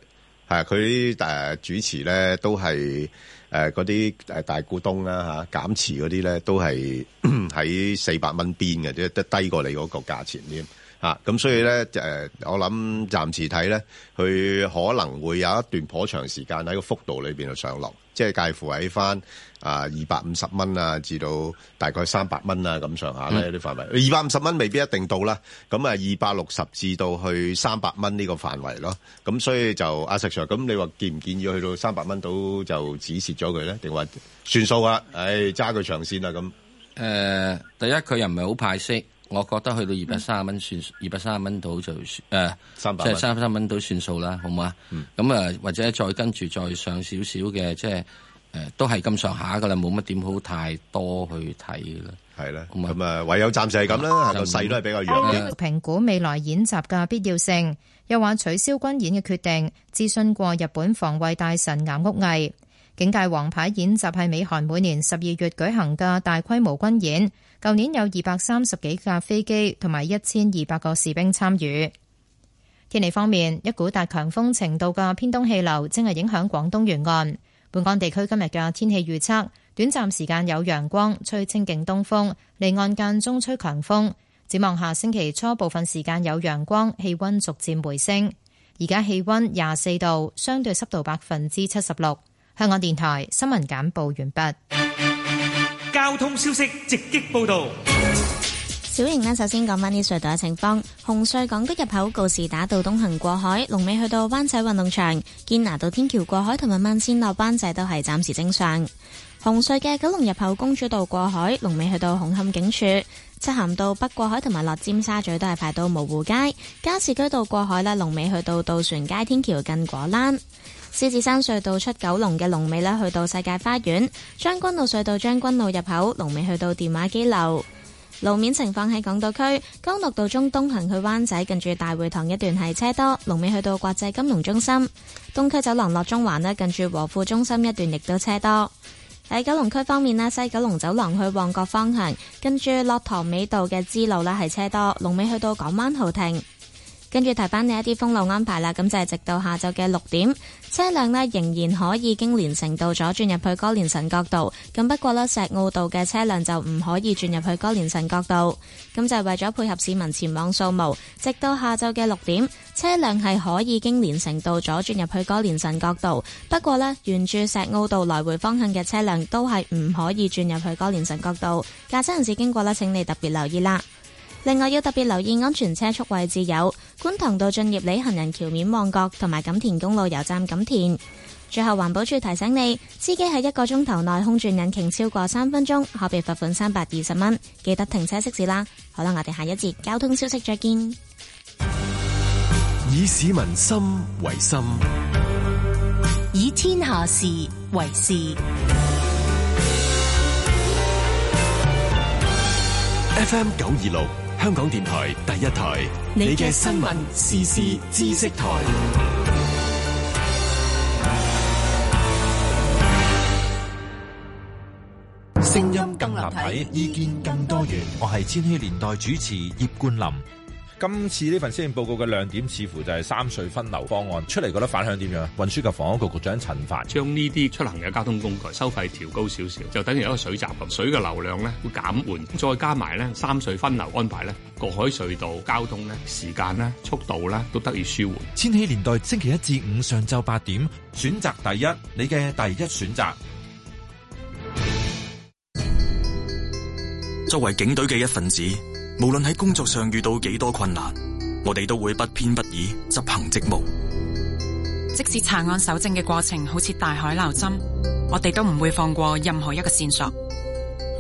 係佢誒主持咧，都係誒嗰啲誒大股東啦吓，減持嗰啲咧，都係喺四百蚊邊嘅，即係都低過你嗰個價錢添。啊，咁所以咧，誒、呃，我諗暫時睇咧，佢可能會有一段頗長時間喺個幅度裏邊度上落，即係介乎喺翻啊二百五十蚊啊，至到大概三百蚊啊咁上下咧啲、嗯這個、範圍。二百五十蚊未必一定到啦，咁啊二百六十至到去三百蚊呢個範圍咯。咁所以就阿、啊、石 Sir 咁，你話建唔建議去到三百蚊到就止蝕咗佢咧？定話算數啊？誒、哎，揸佢長線啊咁。誒、呃，第一佢又唔係好派息。我覺得去到二百三十蚊算二百三十蚊到就誒，即係三百蚊到算數啦，好唔好啊？咁、嗯、啊，或者再跟住再上少少嘅，即係誒，都係咁上下噶啦，冇乜點好太多去睇噶啦，係啦，咁啊唯有暫時係咁啦，係、啊、度勢都係比較弱嘅、呃。評估未來演習嘅必要性，又話取消軍演嘅決定，諮詢過日本防衛大臣岩屋毅、嗯。警戒王牌演習係美韓每年十二月舉行嘅大規模軍演。舊年有二百三十幾架飛機同埋一千二百個士兵參與。天氣方面，一股大強風程度嘅偏東氣流正係影響廣東沿岸。本港地區今日嘅天氣預測，短暫時間有陽光，吹清勁東風，離岸間中吹強風。展望下星期初，部分時間有陽光，氣溫逐漸回升。而家氣溫廿四度，相對濕度百分之七十六。香港電台新聞簡報完畢。交通消息直擊報道，小瑩咧首先講翻呢隧道嘅情況，紅隧港島入口告士打道東行過海，龍尾去到灣仔運動場；堅拿道天橋過海同埋慢線落灣仔都係暫時正常。紅隧嘅九龍入口公主道過海，龍尾去到紅磡警署；漆咸道北過海同埋落尖沙咀都係排到蕪湖街；加士居道過海咧，龍尾去到渡船街天橋近果欄。獅子山隧道出九龍嘅龍尾咧，去到世界花園。將軍澳隧道將軍澳入口龍尾去到電話機樓。路面情況喺港島區，江樂道中東行去灣仔近住大會堂一段係車多，龍尾去到國際金融中心。東區走廊落中環咧，近住和富中心一段亦都車多。喺九龍區方面咧，西九龍走廊去旺角方向，跟住落塘尾道嘅支路咧係車多，龍尾去到港灣豪庭。跟住提翻你一啲封路安排啦，咁就係直到下晝嘅六點，車輛呢仍然可以經連城道左轉入去歌連臣角道。咁不過呢，石澳道嘅車輛就唔可以轉入去歌連臣角道。咁就係為咗配合市民前往掃墓，直到下晝嘅六點，車輛係可以經連城道左轉入去歌連臣角道。不過呢，沿住石澳道來回方向嘅車輛都係唔可以轉入去歌連臣角道。駕駛人士經過啦，請你特別留意啦。另外要特別留意安全車速位置有觀塘道駿業里行人橋面、旺角同埋錦田公路油站錦田。最後環保署提醒你，司機喺一個鐘頭內空轉引擎超過三分鐘，可被罰款三百二十蚊。記得停車熄匙啦。好啦，我哋下一節交通消息再見。以市民心為心，以天下事為事。FM 九二六。香港電台第一台，你嘅新聞時事知識台，聲音更立體，意見更多元。我係千禧年代主持葉冠霖。今次呢份施政報告嘅亮點，似乎就係三隧分流方案出嚟，覺得反響點樣？運輸及房屋局局長陳帆將呢啲出行嘅交通工具收費調高少少，就等於一個水閘咁，水嘅流量咧會減緩，再加埋咧三隧分流安排咧，過海隧道交通咧時間啦速度啦都得以舒緩。千禧年代星期一至五上晝八點，選擇第一，你嘅第一選擇。作為警隊嘅一份子。無論喺工作上遇到幾多困難，我哋都會不偏不倚執行職務。即使查案搜證嘅過程好似大海撈針，我哋都唔會放過任何一個線索。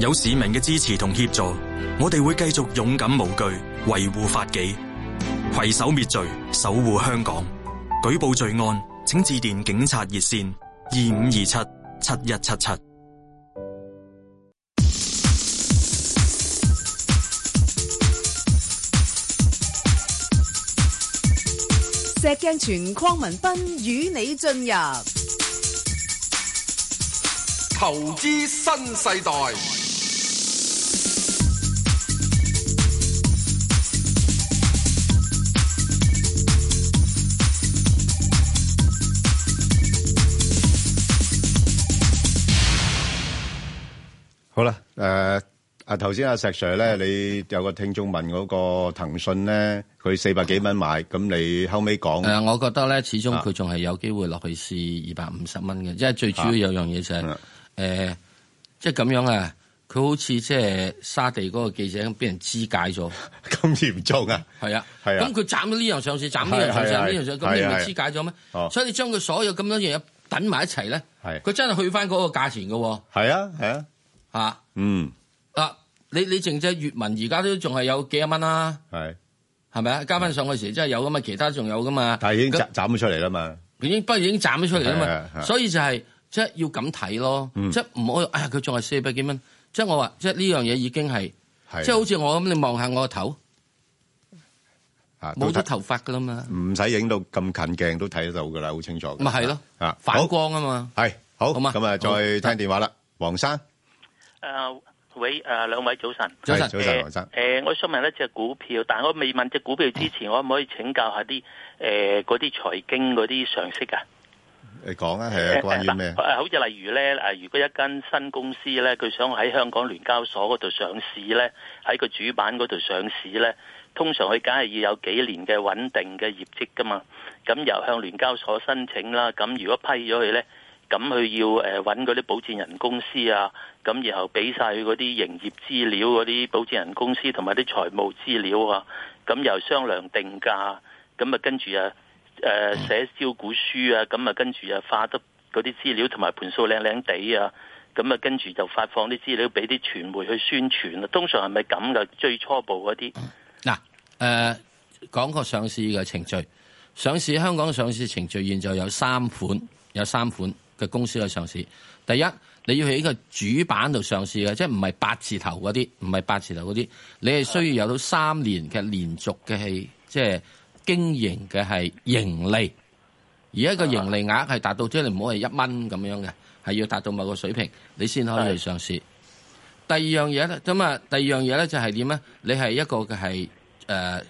有市民嘅支持同協助，我哋會繼續勇敢無懼，維護法紀，携手滅罪，守護香港。舉報罪案，請致電警察熱線二五二七七一七七。石鏡泉鄺民彬與你進入投資新世代。好啦，誒、呃。啊，頭先阿石 Sir 咧，你有個聽眾問嗰個騰訊咧，佢四百幾蚊買，咁、啊、你後尾講，係、呃、我覺得咧，始終佢仲係有機會落去試二百五十蚊嘅，即、啊、係最主要有樣嘢就係、是，誒、啊呃，即係咁樣啊，佢好似即係沙地嗰個記者咁，俾人肢解咗，咁嚴重啊？係啊，係啊，咁佢斬咗呢樣上市，斬呢樣上市，呢樣上，咁你唔係肢解咗咩、啊？所以你將佢所有咁多嘢等埋一齊咧，係，佢真係去翻嗰個價錢㗎，係啊，係啊，吓、啊啊，嗯。你你淨即係粵文，而家都仲係有幾十蚊啦，係係咪啊？加翻上去時真係有噶嘛，其他仲有噶嘛。但係已經斬咗出嚟啦嘛，已經不過已經斬咗出嚟啦嘛，所以就係即係要咁睇咯，即係唔好哎呀佢仲係四百幾蚊，即係我話即係呢樣嘢已經係，即係好似我咁，你望下我個頭，冇咗頭髮噶啦嘛，唔使影到咁近鏡都睇得到噶啦，好清楚。咪係咯，反光啊嘛，係好咁啊，再聽電話啦，黃生，誒、呃。喂，誒兩位早晨，早晨、呃、早晨，黃生、呃、我想問一隻股票，但係我未問隻股票之前，啊、我可唔可以請教下啲誒嗰啲財經嗰啲常識啊？你講啊，係啊，關於咩啊？好似例如咧，誒，如果一間新公司咧，佢想喺香港聯交所嗰度上市咧，喺個主板嗰度上市咧，通常佢梗係要有幾年嘅穩定嘅業績噶嘛。咁由向聯交所申請啦。咁如果批咗佢咧？咁佢要誒揾嗰啲保薦人公司啊，咁然後俾晒佢嗰啲營業資料、嗰啲保薦人公司同埋啲財務資料啊，咁又商量定價，咁啊跟住啊誒寫招股書啊，咁啊跟住啊化得嗰啲資料同埋盤數靚靚地啊，咁啊跟住就發放啲資料俾啲傳媒去宣傳啊。通常係咪咁噶？最初步嗰啲嗱誒講個上市嘅程序，上市香港上市程序現在有三款，有三款。嘅公司去上市，第一你要喺呢個主板度上市嘅，即係唔係八字頭嗰啲，唔係八字頭嗰啲，你係需要有到三年嘅連續嘅係即係經營嘅係盈利，而一個盈利額係達到是即係你唔好係一蚊咁樣嘅，係要達到某個水平，你先可以去上市。第二樣嘢咧，咁啊，第二樣嘢咧就係點咧？你係一個嘅係誒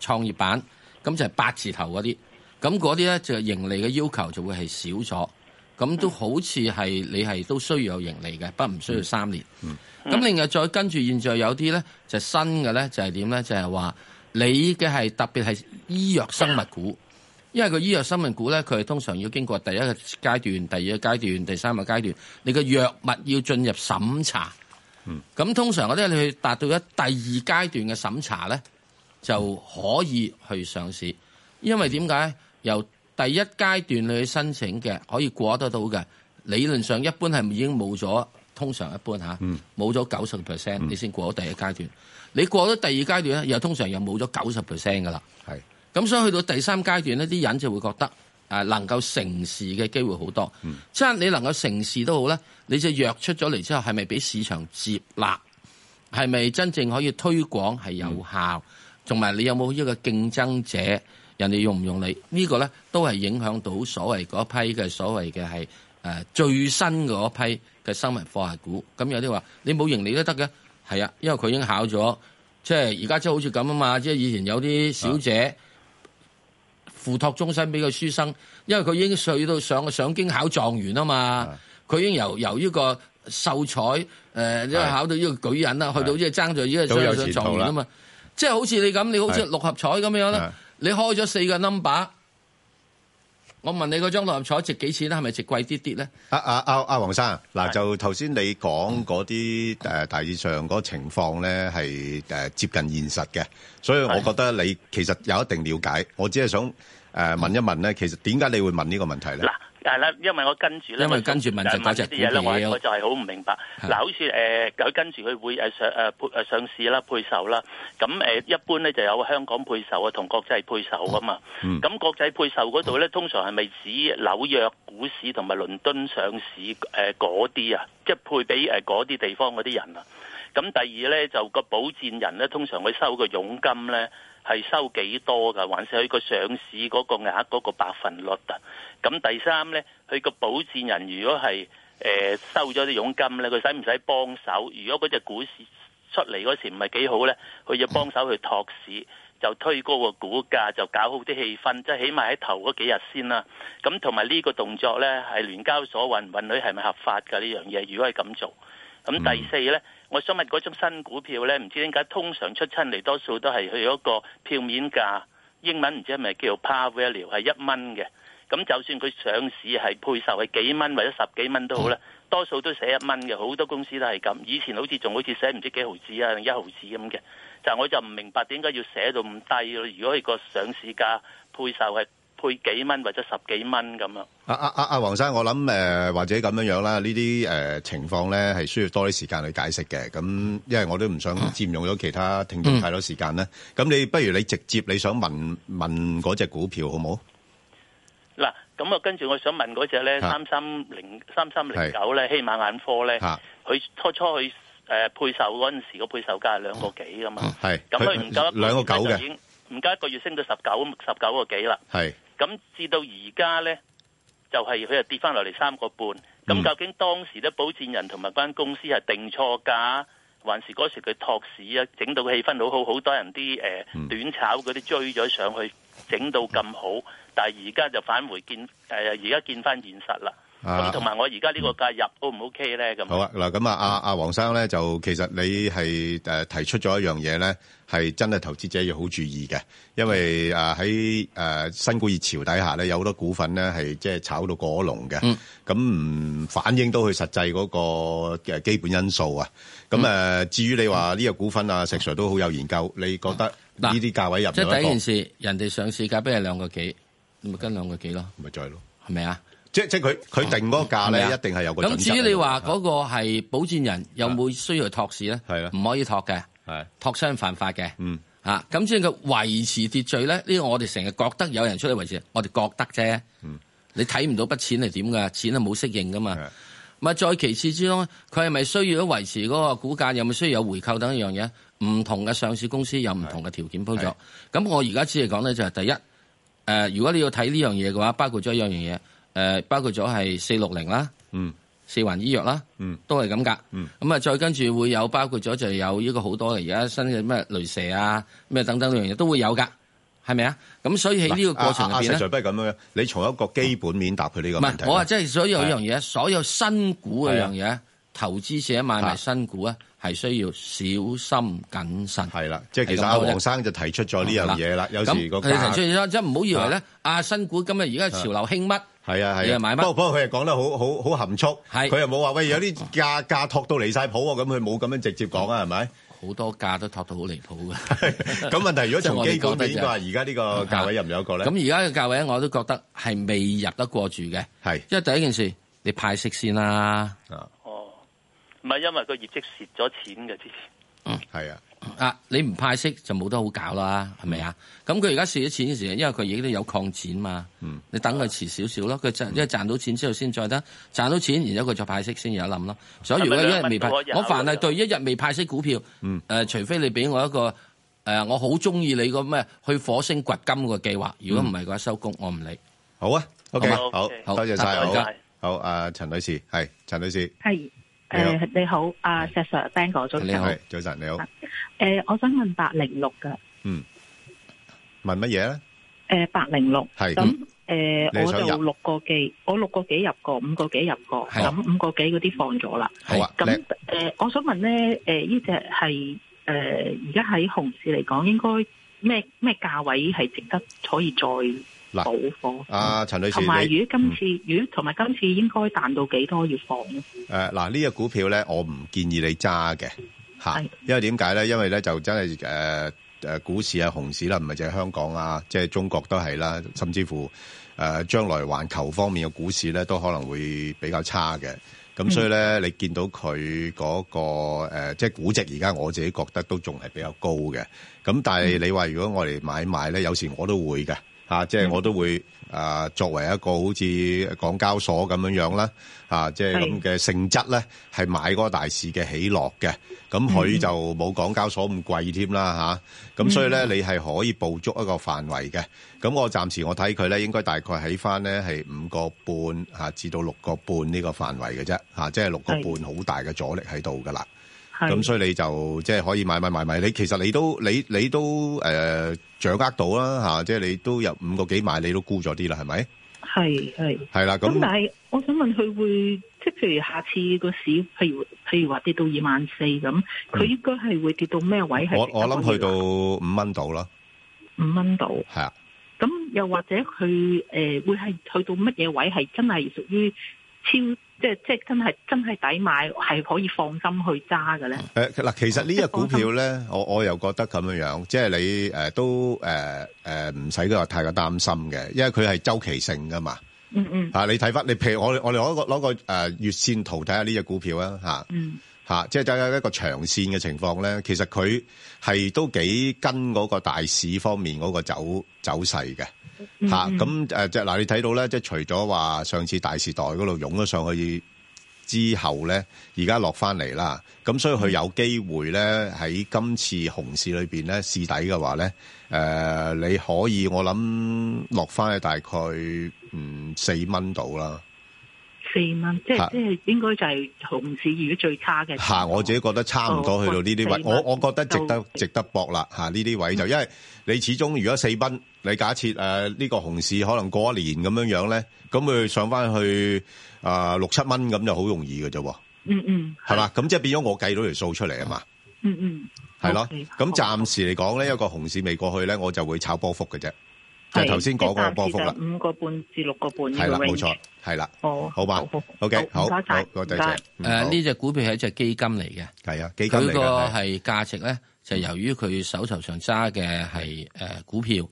創業板，咁就係八字頭嗰啲，咁嗰啲咧就係盈利嘅要求就會係少咗。咁都好似係你係都需要有盈利嘅，不唔需要三年。咁、嗯嗯、另外再跟住現在有啲咧就係、新嘅咧就係點咧就係、係、話你嘅係特別係醫藥生物股，因為個醫藥生物股咧佢係通常要經過第一個階段、第二個階段、第三個階段，你嘅藥物要進入審查。咁、嗯、通常嗰啲你去達到一第二階段嘅審查咧就可以去上市，因為點解第一階段你去申請嘅可以過得到嘅，理論上一般係已經冇咗，通常一般吓冇咗九十%嗯、percent、嗯、你先過咗第一階段。你過咗第二階段咧，又通常又冇咗九十 percent 噶啦。係咁，所以去到第三階段呢啲人就會覺得誒、呃、能夠成事嘅機會好多。嗯、即係你能夠成事都好咧，你隻藥出咗嚟之後，係咪俾市場接納？係咪真正可以推廣係有效？同、嗯、埋你有冇一個競爭者？人哋用唔用你，這個，呢個咧，都係影響到所謂嗰批嘅所謂嘅係誒最新嗰批嘅生物科學股。咁有啲話你冇盈利都得嘅，係啊，因為佢已經考咗，即係而家即係好似咁啊嘛。即係以前有啲小姐附託終身俾個書生，因為佢已應試到上上京考狀元啊嘛。佢已經由由呢個秀才誒，即、呃、係考到呢個舉人啊，去到即係爭在呢個上上狀元啊嘛。了即係好似你咁，你好似六合彩咁樣啦。是的是的你開咗四個 number，我問你嗰張六合彩值幾錢咧？係咪值貴啲啲咧？阿啊啊阿黃啊生，嗱就頭先你講嗰啲誒大致上嗰情況咧，係誒接近現實嘅，所以我覺得你其實有一定了解。我只係想誒問一問咧，其實點解你會問呢個問題咧？係啦，因為我跟住咧，因為跟住問啲嘢咧，我我就係好唔明白。嗱，好似誒佢跟住佢會誒上誒配、呃、上市啦，配售啦。咁誒、呃、一般咧就有香港配售啊，同國際配售啊嘛。咁、嗯、國際配售嗰度咧，通常係咪指紐約股市同埋倫敦上市誒嗰啲啊？即係配俾誒嗰啲地方嗰啲人啊。咁第二咧就個保薦人咧，通常會收個佣金咧。係收幾多噶？還是佢個上市嗰個額嗰個百分率啊？咁第三呢，佢個保薦人如果係誒、呃、收咗啲佣金呢，佢使唔使幫手？如果嗰隻股市出嚟嗰時唔係幾好呢，佢要幫手去託市，就推高個股價，就搞好啲氣氛，即、就、係、是、起碼喺頭嗰幾日先啦、啊。咁同埋呢個動作呢，係聯交所允唔允許係咪合法㗎？呢樣嘢如果係咁做，咁第四呢。嗯我想問嗰種新股票呢，唔知點解通常出親嚟多數都係佢嗰個票面價，英文唔知係咪叫做 par value 係一蚊嘅。咁就算佢上市係配售係幾蚊或者十幾蚊都好啦，多數都寫一蚊嘅，好多公司都係咁。以前好似仲好似寫唔知幾毫子啊，一毫子咁嘅。就我就唔明白點解要寫到咁低咯？如果佢個上市價配售係。配幾蚊或者十幾蚊咁樣？阿阿阿阿黃生，我諗誒，或者咁樣樣啦，呢啲誒情況咧係需要多啲時間去解釋嘅。咁，因為我都唔想佔用咗其他聽眾太多時間啦。咁，你不如你直接你想問問嗰隻股票好冇？嗱，咁啊，跟住我想問嗰隻咧，三三零三三零九咧，希瑪眼科咧，佢初初去誒配售嗰陣時個配售價係兩個幾噶嘛係。咁佢唔夠兩個九嘅，已經唔夠一個月升到十九十九個幾啦。係。咁至到而家呢，就係佢又跌翻落嚟三個半。咁究竟當時啲保薦人同埋嗰間公司係定錯價，還是嗰時佢托市啊，整到氣氛好好，好多人啲誒短炒嗰啲追咗上去，整到咁好。但係而家就返回見誒，而家見翻現實啦。咁同埋我而家呢個價入 O 唔 O K 咧？咁、啊、好啊！嗱，咁啊，阿阿黃生咧就其實你係、呃、提出咗一樣嘢咧，係真係投資者要好注意嘅，因為啊喺誒新股熱潮底下咧，有好多股份咧係即係炒到過龍嘅，咁、嗯、唔反映到佢實際嗰個嘅基本因素啊。咁、嗯、誒、呃、至於你話呢個股份、嗯、啊，石 Sir 都好有研究，你覺得呢啲價位入唔入、啊、即係第一件事，人哋上市價俾係兩個幾，咁咪跟兩個幾咯，咪、嗯、再係咯，係咪啊？即即佢佢定嗰個價咧，一定係有個準則，咁至於你話嗰個係保薦人有冇需要托市咧？係唔可以托嘅，托商犯法嘅。嗯、啊，吓咁至於佢維持秩序咧，呢、這個、我哋成日覺得有人出嚟維持，我哋覺得啫。嗯，你睇唔到筆錢係點噶？錢係冇適應噶嘛。咪再其次之中，佢係咪需要維持嗰個股價？又咪需要有回購等一樣嘢？唔、嗯、同嘅上市公司有唔同嘅條件操作。咁我而家只係講咧，就係、是、第一，誒、呃，如果你要睇呢樣嘢嘅話，包括咗一樣嘢。誒，包括咗係四六零啦，嗯，四環醫藥啦，嗯，都係咁噶，嗯，咁啊，再跟住會有包括咗，就有呢個好多嘅而家新嘅咩雷蛇啊，咩等等呢樣嘢都會有噶，係咪啊？咁所以喺呢個過程入邊咧，啊啊、不係咁樣。你從一個基本面答佢呢個問題。唔係，我話即係所有呢樣嘢，啊、所有新股嗰樣嘢，啊、投資者買埋新股啊，係需要小心謹慎。係啦，即係其實阿黃生就提出咗呢樣嘢啦。啊、有時個價、啊啊，即係唔好以為咧，啊新股今日而家潮流興乜？係啊，係啊買。不過不過佢又講得好好好含蓄，佢又冇話喂，有啲價、價托到離晒譜喎，咁佢冇咁樣直接講啊，係咪？好多價都托到好離譜㗎。咁 問題如果從基嗰邊講，而家呢個價位入唔有一個咧？咁而家嘅價位我都覺得係未入得過住嘅，係，因為第一件事你派息先啦，哦，唔係因為個業績蝕咗錢嘅之前，嗯，係啊。啊！你唔派息就冇得好搞啦，係咪啊？咁佢而家蝕咗錢嘅時候，因為佢已經都有擴展嘛。嗯。你等佢遲少少咯，佢、嗯、賺，因為賺到錢之後先再得，賺到錢，然之後佢再派息先有諗咯。所以如果一日未派，20, 我凡係對一日未派息股票，嗯。誒、呃，除非你俾我一個誒、呃，我好中意你個咩去火星掘金個計劃，如果唔係嘅話收工，我唔理。好啊，O K，好，okay，好，okay，好，多謝晒，好，阿陳、呃、女士，係陳女士。係。誒、呃，你好，阿、啊、Sasha，Bang 哥你好早晨你好，誒、呃，我想問八零六噶，嗯，問乜嘢咧？誒、呃，八零六，係、嗯、咁，誒、呃，我就六個幾，我六個幾入過，五個幾入過，咁、嗯、五個幾嗰啲放咗啦，咁，誒、嗯呃，我想問咧，誒、呃，呢隻係，誒、呃，而家喺熊市嚟講，應該咩咩價位係值得可以再？嗱，啊，陳女士，同埋如果今次，如果同埋今次應該彈到幾多月放咧？嗱、啊，呢、啊、隻、這個、股票咧，我唔建議你揸嘅嚇，因為點解咧？因為咧就真係誒誒股市，紅市啊，熊市啦，唔係淨係香港啊，即係中國都係啦，甚至乎誒、啊、將來環球方面嘅股市咧，都可能會比較差嘅。咁所以咧、嗯，你見到佢嗰、那個即係、啊就是、估值而家我自己覺得都仲係比較高嘅。咁但係你話如果我哋買賣咧，有時我都會嘅。啊，即係我都會啊，作為一個好似港交所咁樣啦，啊，即係咁嘅性質咧，係買嗰個大市嘅起落嘅。咁佢就冇港交所咁貴添啦嚇。咁、啊、所以咧，你係可以捕捉一個範圍嘅。咁我暫時我睇佢咧，應該大概喺翻咧係五個半、嚇、至到六個半呢個範圍嘅啫、嚇、即係六個半好大嘅阻力喺度噶啦。咁所以你就即係可以買買買買，你其實你都你你都誒掌握到啦吓，即係你都有五個幾買，你都沽咗啲啦，係咪？係係係啦。咁但係我想問佢會，即係譬如下次個市，譬如譬如話跌到二萬四咁，佢應該係會跌到咩位？我我諗去到五蚊度咯，五蚊度係啊。咁又或者佢誒會係去到乜嘢位？係真係屬於？超即係即係真係真係抵買，係可以放心去揸嘅咧。誒嗱，其實呢隻股票咧，我我又覺得咁樣樣，即係你誒都誒誒唔使話太過擔心嘅，因為佢係週期性噶嘛。嗯嗯。啊，你睇翻你譬如我我哋攞個攞個誒月線圖睇下呢隻股票啊嚇。嗯。嚇，即係就係一個長線嘅情況咧，其實佢係都幾跟嗰個大市方面嗰個走走勢嘅。嚇，咁誒即係嗱，你睇到咧，即係除咗話上次大時代嗰度湧咗上去之後咧，而家落翻嚟啦。咁所以佢有機會咧，喺今次熊市裏邊咧試底嘅話咧，誒、呃、你可以我諗落翻去大概嗯四蚊度啦。四蚊，即係即係應該就係熊市，如果最差嘅吓，我自己覺得差唔多去到呢啲位，哦，我我覺得值得值得搏啦吓，呢啲位就、嗯、因為你始終如果四蚊，你假設誒呢個熊市可能過一年咁樣那會、呃、6，這樣咧，咁佢上翻去啊六七蚊咁就好容易嘅啫，嗯嗯，係嘛，咁即係變咗我計到條數出嚟啊嘛，嗯嗯，係咯，咁、okay，暫時嚟講咧，一個熊市未過去咧，我就會炒波幅嘅啫，嗯，就係頭先講個波幅，嗯嗯嗯，啦，五個半至六個半係啦，冇錯。係啦，好嘛，好，OK，好，唔該晒，誒，呢隻、這個、股票係一隻基金嚟嘅。係啊，基金佢個係價值咧、啊，就是、由於佢手頭上揸嘅係誒股票，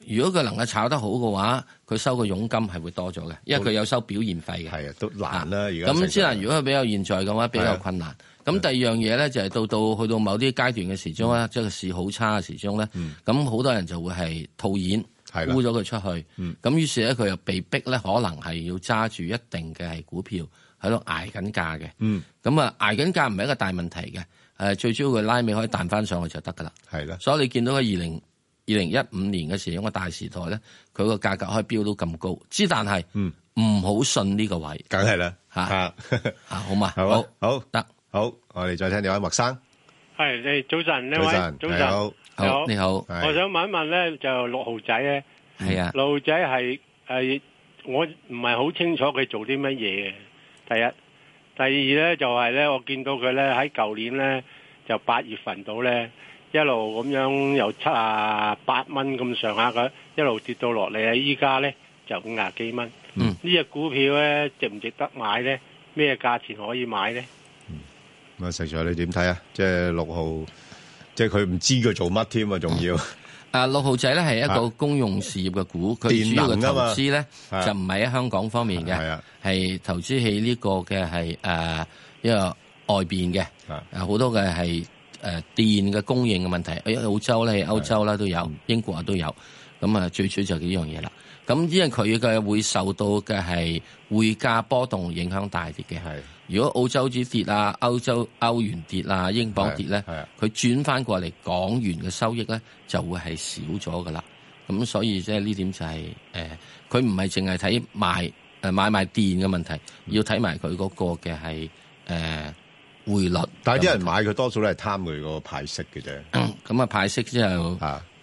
嗯、如果佢能夠炒得好嘅話，佢收個佣金係會多咗嘅，因為佢有收表現費嘅，係啊，都難啦，咁雖然如果佢比較現在嘅話比較困難，咁、啊、第二樣嘢咧就係、是、到到去到某啲階段嘅時鐘啦、嗯，即係個市好差嘅時鐘咧，咁、嗯、好多人就會係套現。是沽咗佢出去，咁、嗯、於是咧佢又被逼咧，可能係要揸住一定嘅係股票喺度挨緊價嘅。咁啊，挨緊價唔係一個大問題嘅，誒，最主要佢拉尾可以彈翻上去就得噶啦。係啦，所以你見到佢二零二零一五年嘅時，一個大時代咧，佢個價格可以標到咁高，之但係，唔、嗯、好信呢個位，梗係啦吓吓，好嘛， 好，好得，好，我哋再聽呢位莫生，係，你早晨，呢位，早晨，早晨你好，我想問一問咧，就六號仔咧，六號仔係係我唔係好清楚佢做啲乜嘢嘅。第一，第二咧就係咧，我見到佢咧喺舊年咧就八月份到咧一路咁樣由七十八蚊咁上下嘅一路跌到落嚟啊，依家咧就五廿幾蚊。嗯，呢隻股票咧值唔值得買咧？咩價錢可以買咧？嗯，咁啊，石 Sir 你點睇啊？即係六號。即係佢唔知佢做乜添啊，仲要啊、嗯、六號仔咧係一個公用事業嘅股，佢主要嘅投資咧就唔係喺香港方面嘅，係投資喺呢個嘅係誒一個外邊嘅，好多嘅係誒電嘅供應嘅問題，誒澳洲咧、歐洲啦都有，英國都有，咁啊最主要就係呢樣嘢啦。咁因為佢嘅會受到嘅係匯價波動影響大跌嘅。如果澳洲紙跌啊，歐洲歐元跌啊，英鎊跌咧，佢轉翻過嚟港元嘅收益咧就會係少咗噶啦。咁所以即係呢點就係佢唔係淨係睇賣買賣電嘅問題，要睇埋佢嗰個嘅係誒匯率。但係啲人買佢多數都係貪佢個派息嘅啫。咁啊派息之後。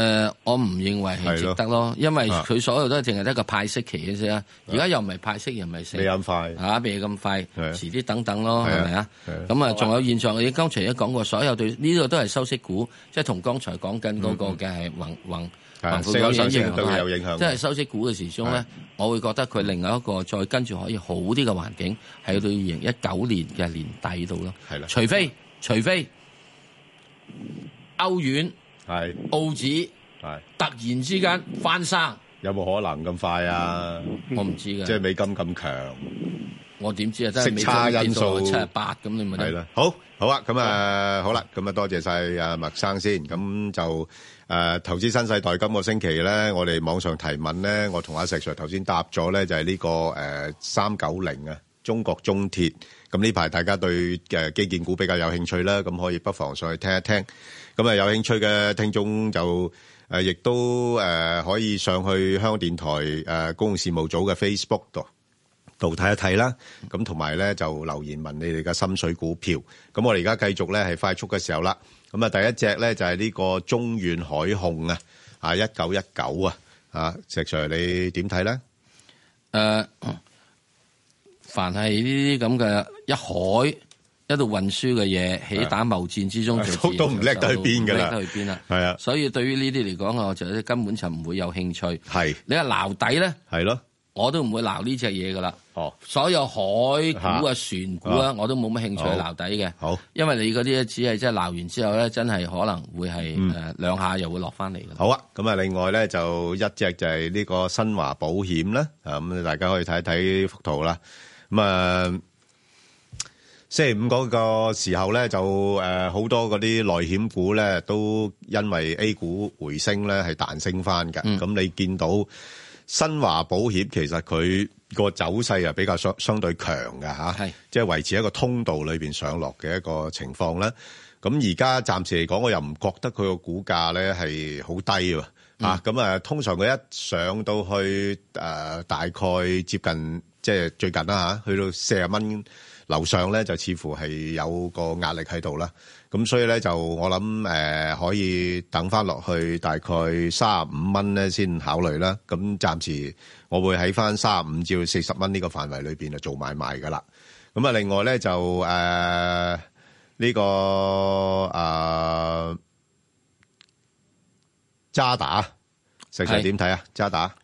誒、呃，我唔認為係值得咯，因為佢所有都淨係得個派息期嘅啫。而家又唔係派息，又唔係死咁快吓，未咁快，遲、啊、啲、啊、等等咯，係咪啊？咁啊，仲、啊啊、有現在、啊、你剛才一講過，所有對呢個都係收息股，即係同剛才講緊嗰個嘅係橫橫橫幅有影響，即係收息股嘅時鐘咧、啊，我會覺得佢另外一個再跟住可以好啲嘅環境喺到二零一九年嘅年底度咯。係啦、啊，除非、啊、除非歐元。係澳紙係突然之間翻生，有冇可能咁快啊？我唔知嘅，即係美金咁強，我點知啊？即係息差因素七啊八咁，你咪係啦。好好啊，咁啊，好啦，咁啊，多謝晒阿麥生先。咁就誒，投資新世代今個星期咧，我哋網上提問咧，我同阿石 Sir 頭先答咗咧，就係呢個誒三九零啊，中國中鐵。咁呢排大家對誒基建股比較有興趣啦，咁可以不妨上去聽一聽。咁啊，有興趣嘅聽眾就誒，亦都誒可以上去香港電台誒公共事務組嘅 Facebook 度度睇一睇啦。咁同埋咧就留言問你哋嘅心水股票。咁我哋而家繼續咧係快速嘅時候啦。咁啊，第一隻咧就係呢個中遠海控啊，啊一九一九啊，啊石 Sir 你點睇咧？誒，凡係呢啲咁嘅一海。喺度運輸嘅嘢，喺打貿戰之中就，啊、都唔叻得去邊㗎。叻得去邊啦。係啊，所以對於呢啲嚟講，我就根本就唔會有興趣。係、啊、你話撈底咧，係咯、啊，我都唔會撈呢隻嘢㗎啦。哦，所有海股啊、船股啊，我都冇乜興趣撈底嘅。好，因為你嗰啲只係即係撈完之後咧，真係可能會係誒、嗯、兩下又會落翻嚟嘅。好啊，咁啊，另外咧就一隻就係呢個新華保險啦。啊，咁大家可以睇睇幅圖啦。咁、嗯、啊。星期五嗰個時候咧，就誒好多嗰啲內險股咧，都因為 A 股回升咧，係彈升翻嘅。咁、嗯、你見到新華保險其實佢個走勢啊，比較相相對強嘅吓，即係維持一個通道裏面上落嘅一個情況啦。咁而家暫時嚟講，我又唔覺得佢個股價咧係好低喎。啊、嗯，咁啊，通常佢一上到去誒、呃、大概接近即係最近啦去到四十蚊。樓上咧就似乎係有個壓力喺度啦，咁所以咧就我諗誒可以等翻落去大概三十五蚊咧先考慮啦。咁暫時我會喺翻三十五至到四十蚊呢個範圍裏面就做買賣噶啦。咁啊，另外咧就誒呢、呃這個啊渣打，石 Sir 點睇啊，渣打？石石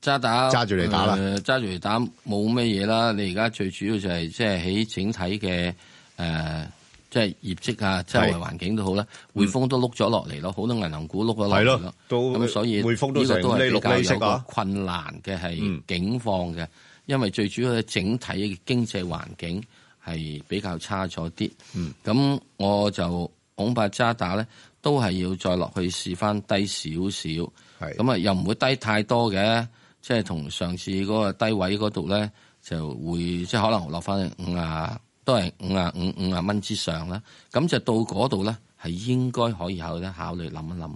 渣打揸住嚟打啦，揸住嚟打冇乜嘢啦。你而家最主要就係、是、即係喺整體嘅誒、呃，即係業績啊，周圍環境都好啦。匯豐都碌咗落嚟咯，好、嗯、多銀行股碌咗落嚟咯，都所以匯豐都係呢碌利息困難嘅係、啊、景況嘅，因為最主要嘅整體經濟環境係比較差咗啲。咁、嗯嗯、我就恐怕渣打咧，都係要再落去試翻低少少。咁啊，又唔會低太多嘅，即係同上次嗰個低位嗰度咧，就會即係可能落翻五啊，都係五啊五五啊蚊之上啦。咁就到嗰度咧，係應該可以考咧考慮諗一諗。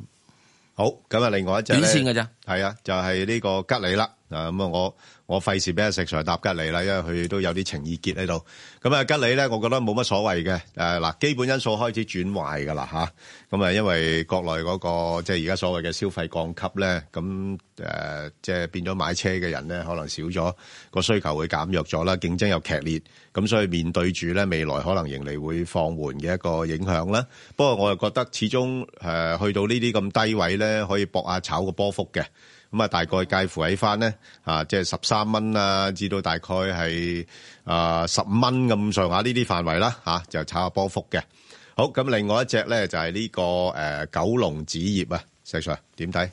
好，咁啊，另外一隻短線噶咋，係啊，就係呢個吉利啦。嗱咁啊，我我費事俾阿石 Sir 搭吉利啦，因為佢都有啲情意結喺度。咁啊，吉利咧，我覺得冇乜所謂嘅。誒，嗱，基本因素開始轉壞噶啦吓，咁啊，因為國內嗰、那個即係而家所謂嘅消費降級咧，咁誒即係變咗買車嘅人咧，可能少咗，個需求會減弱咗啦，競爭又劇烈，咁所以面對住咧未來可能盈利會放緩嘅一個影響啦。不過我又覺得始終誒、呃、去到呢啲咁低位咧，可以搏下炒個波幅嘅。咁啊，大概介乎喺翻咧，啊，即係十三蚊啦，至到大概係啊十五蚊咁上下呢啲範圍啦，吓，就炒下波幅嘅。好，咁另外一隻咧就係呢個誒九龍紙業啊，石 Sir 點睇？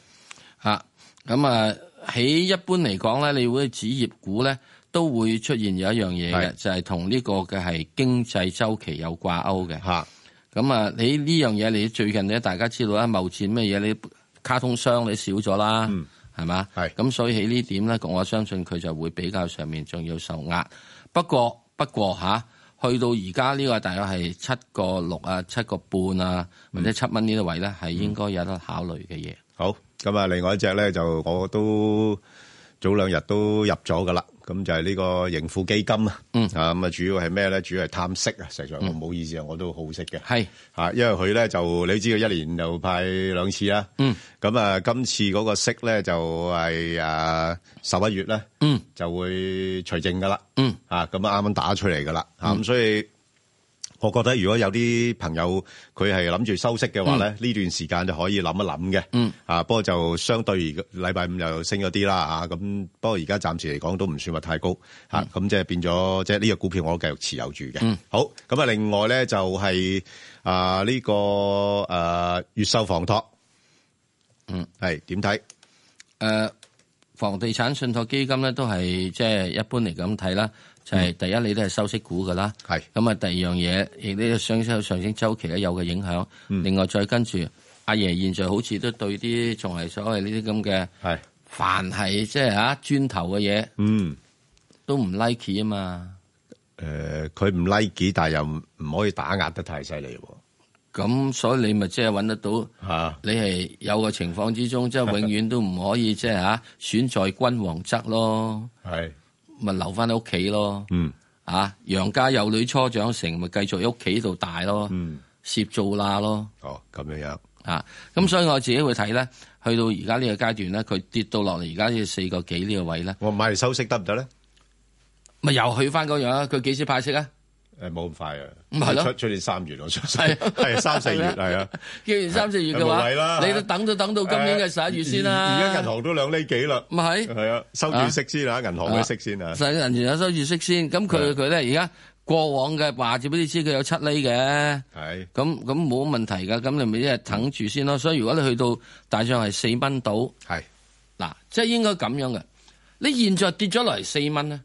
吓，咁啊喺一般嚟講咧，你會紙業股咧都會出現有一樣嘢嘅，就係同呢個嘅係經濟周期有掛鈎嘅。吓，咁啊你呢樣嘢你最近咧大家知道啦，貿戰咩嘢？你卡通商你少咗啦。嗯係嘛？係咁，所以喺呢點咧，我相信佢就會比較上面仲要受壓。不過不過吓、啊，去到而家呢個大約係七個六啊，七個半啊、嗯，或者七蚊呢個位咧，係應該有得考慮嘅嘢、嗯。好，咁啊，另外一隻咧就我都早兩日都入咗噶啦。咁就係呢個盈富基金啊，啊咁啊主要係咩咧？主要係貪息啊，實在、嗯、我唔好意思啊，我都好識嘅，係因為佢咧就你知道一年就派兩次啦，咁、嗯、啊今次嗰個息咧就係誒十一月咧、嗯，就會除淨㗎啦，嚇、嗯、咁啊啱啱打出嚟㗎啦，嚇、嗯、咁所以。我覺得如果有啲朋友佢係諗住收息嘅話咧，呢、嗯、段時間就可以諗一諗嘅。嗯。啊，不過就相對禮拜五又升咗啲啦，吓咁。不過而家暫時嚟講都唔算話太高吓，咁、嗯、即係變咗即係呢個股票我繼續持有住嘅。嗯。好，咁啊，另外咧就係啊呢個誒、呃、越秀房託。嗯。係點睇？誒、呃，房地產信託基金咧都係即係一般嚟咁睇啦。就係、是、第一，你都係收息股噶啦。係咁啊，第二樣嘢亦都上升上升周期咧有嘅影響，嗯。另外再跟住阿爺，爺爺現在好似都對啲仲係所謂呢啲咁嘅，係凡係即係啊磚頭嘅嘢，嗯，都唔 like 啊嘛。誒、呃，佢唔 like 但係又唔可以打壓得太犀利。咁所以你咪即係揾得到。吓，你係有個情況之中，即、啊、係、就是、永遠都唔可以即係吓選在君王側咯。係。咪留翻喺屋企咯，啊，楊家有女初長成繼，咪繼續喺屋企度大咯，攝造啦咯。哦，咁樣樣啊，咁、嗯、所以我自己會睇咧，去到而家呢個階段咧，佢跌到落嚟而家要四個幾呢個位咧，我買嚟收息得唔得咧？咪又去翻嗰樣啊？佢幾時派息啊？誒冇咁快啊！唔係咯，出出年三月咯，出世，係、啊、三四月係啊。既然三四月嘅、啊、話、啊，你都等都、啊、等到今年嘅十一月先啦、啊。而家銀行都兩厘幾啦。咁係係啊，收住息先啊，啊銀行嗰息先啊。使銀、啊啊、收住息先，咁佢佢咧而家過往嘅話畀你知佢有七厘嘅。係咁咁冇乜問題㗎。咁你咪一日等住先咯、啊。所以如果你去到大上係四蚊到係嗱，即係應該咁樣嘅。你現在跌咗落嚟四蚊咧，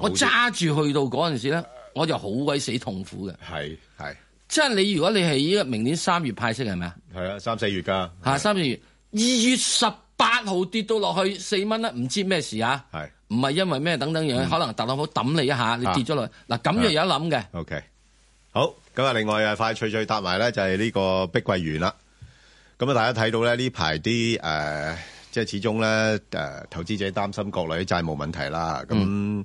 我揸住去到嗰陣時咧。啊我就好鬼死痛苦嘅，係係，即係你如果你係依個明年三月派息係咪啊？係啊，三四月噶吓，三四月、二月十八號跌到落去四蚊啦，唔知咩事啊？係唔係因為咩？等等樣、嗯，可能特朗普抌你一下，你跌咗落去，嗱咁樣有一諗嘅。啊、o、okay. K，好，咁啊，另外啊，快脆脆搭埋咧就係呢個碧桂園啦。咁啊，大家睇到咧呢排啲誒，即係始終咧誒、呃，投資者擔心國內啲債務問題啦，咁、嗯。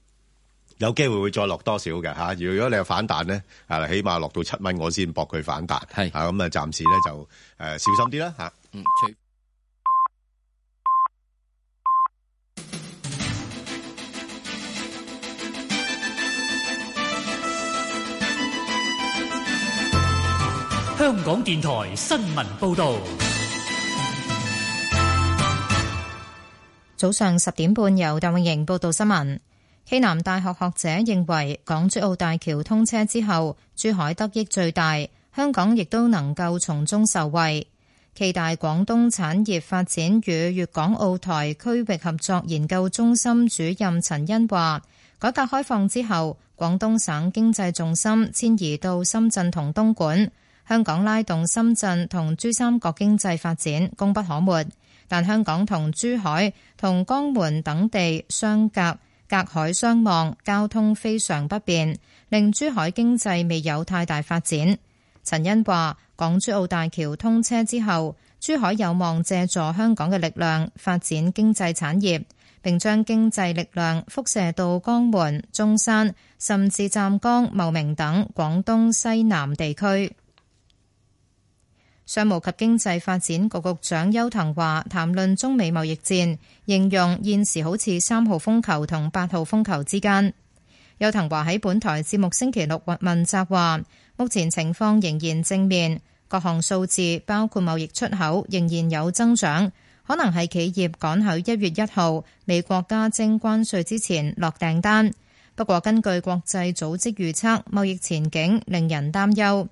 有機會會再落多少嘅嚇？如果你有反彈咧，啊，起碼落到七蚊，我先搏佢反彈。係啊，咁啊，暫時咧就、呃、小心啲啦嚇嗯。香港電台新聞報導，早上十點半由鄧穎瑩報道新聞。暨南大學學者認為，港珠澳大橋通車之後，珠海得益最大，香港亦都能夠從中受惠。暨大廣東產業發展與粵港澳台區域合作研究中心主任陳恩華，改革開放之後，廣東省經濟重心遷移到深圳同東莞，香港拉動深圳同珠三角經濟發展功不可沒。但香港同珠海同江門等地相隔。隔海相望，交通非常不便，令珠海經濟未有太大發展。陳欣話，港珠澳大橋通車之後，珠海有望借助香港嘅力量發展經濟產業，並將經濟力量輻射到江門、中山，甚至湛江、茂名等廣東西南地區。商務及經濟發展局局長邱騰華談論中美貿易戰，形容現時好似三號風球同八號風球之間。邱騰華喺本台節目星期六問問責話，目前情況仍然正面，各項數字包括貿易出口仍然有增長，可能係企業趕喺一月一號美國加徵關稅之前落訂單。不過根據國際組織預測，貿易前景令人擔憂。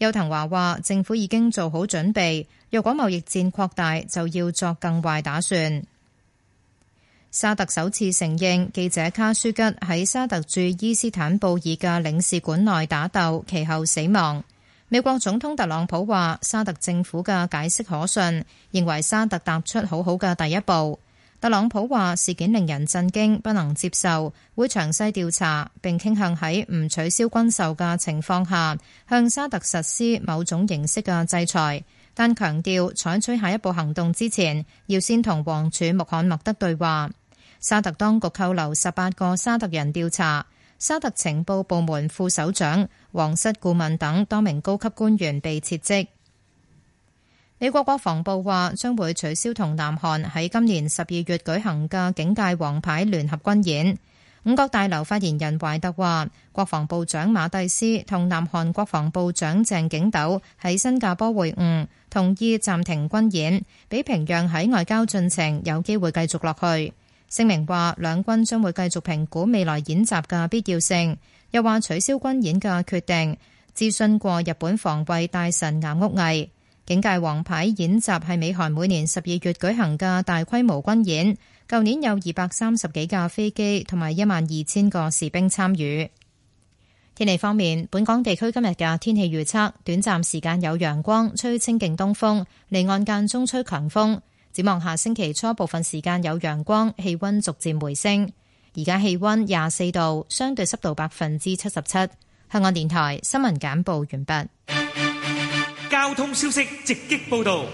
邱騰華話：政府已經做好準備，若果貿易戰擴大，就要作更壞打算。沙特首次承認記者卡舒吉喺沙特駐伊斯坦布爾嘅領事館內打鬥，其後死亡。美國總統特朗普話：沙特政府嘅解釋可信，認為沙特踏出好好嘅第一步。特朗普話事件令人震驚，不能接受，會詳細調查，並傾向喺唔取消軍售嘅情況下向沙特實施某種形式嘅制裁，但強調採取下一步行動之前要先同王儲穆罕默德對話。沙特當局扣留十八個沙特人調查，沙特情報部門副首長、皇室顧問等多名高級官員被撤職。美國國防部話將會取消同南韓喺今年十二月舉行嘅警戒王牌聯合軍演。五角大樓發言人懷特話，國防部長馬蒂斯同南韓國防部長鄭景斗喺新加坡會晤，同意暫停軍演，俾平壤喺外交進程有機會繼續落去。聲明話兩軍將會繼續評估未來演習嘅必要性，又話取消軍演嘅決定諮詢過日本防衛大臣岩屋毅。警戒王牌演習係美韓每年十二月舉行嘅大規模軍演，舊年有二百三十幾架飛機同埋一萬二千個士兵參與。天氣方面，本港地區今日嘅天氣預測，短暫時間有陽光，吹清勁東風，離岸間中吹強風。展望下星期初部分時間有陽光，氣温逐漸回升。而家氣温廿四度，相對濕度百分之七十七。香港電台新聞簡報完畢。交通消息直擊報道，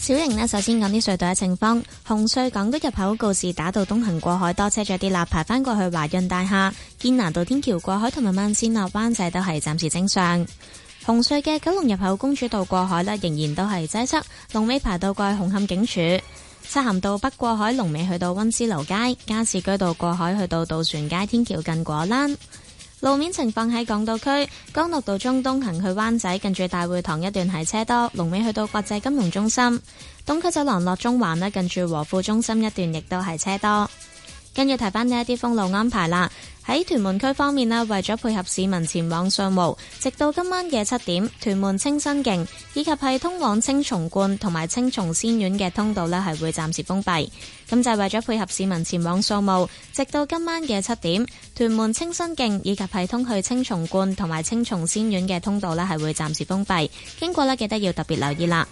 小瑩呢，首先講啲隧道嘅情況，紅隧港島入口告士打道東行過海多車，再啲立排返過去華潤大廈堅拿道天橋過海同埋慢線落灣仔都係暫時正常。紅隧嘅九龍入口公主道過海呢，仍然都係擠塞，龍尾排到過去紅磡警署；漆咸道北過海龍尾去到溫斯樓街，加士居道過海去到渡船街天橋近果欄。路面情況喺港島區，干諾道中東行去灣仔，近住大會堂一段係車多；龍尾去到國際金融中心，東區走廊落中環咧，近住和富中心一段亦都係車多。跟住提翻呢一啲封路安排啦。喺屯門區方面呢，為咗配合市民前往掃墓，直到今晚嘅七點，屯門清新徑以及係通往青松觀同埋青松仙苑嘅通道呢係會暫時封閉。咁就係為咗配合市民前往掃墓，直到今晚嘅七點，屯門清新徑以及係通去青松觀同埋青松仙苑嘅通道呢係會暫時封閉。經過呢，記得要特別留意啦。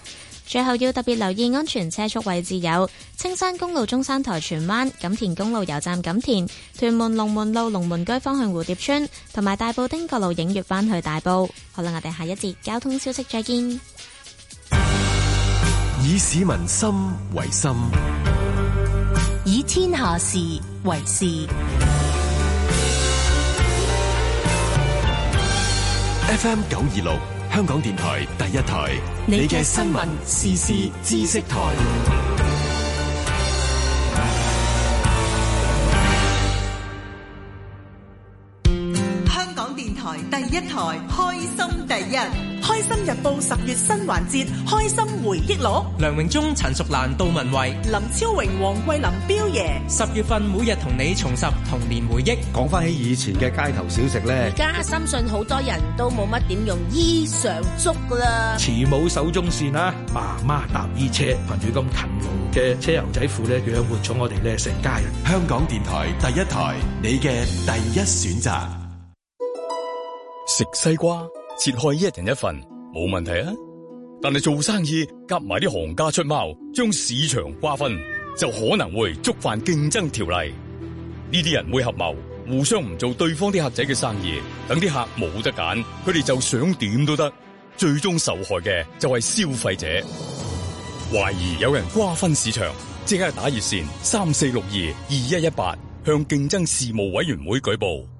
最後要特別留意安全車速位置，有青山公路中山台荃灣、錦田公路油站、錦田、屯門龍門路龍門居方向蝴蝶村，同埋大埔汀角路影月灣去大埔。好啦，我哋下一節交通消息再見。以市民心為心，以天下事為事。F M 九二六。 FM926 香港電台第一台，你嘅新聞時事知識台。第一台開心第一，開心日報十月新環節開心回憶錄，梁榮忠、陳淑蘭、杜文慧、林超榮、黃桂林、彪爺，十月份每日同你重拾童年回憶，講翻起以前嘅街頭小食咧。而家深信好多人都冇乜點用衣裳足啦，慈母手中線啊，媽媽搭衣車，憑住咁勤勞嘅車牛仔褲咧，養活咗我哋咧成家人。香港電台第一台，你嘅第一選擇。食西瓜，切開一人一份冇問題啊！但係做生意夾埋啲行家出貓，將市場瓜分，就可能會觸犯競爭條例。呢啲人會合謀，互相唔做對方啲客仔嘅生意，等啲客冇得揀，佢哋就想點都得。最終受害嘅就係消費者。懷疑有人瓜分市場，即刻打熱線三四六二二一一八向競爭事務委員會舉報。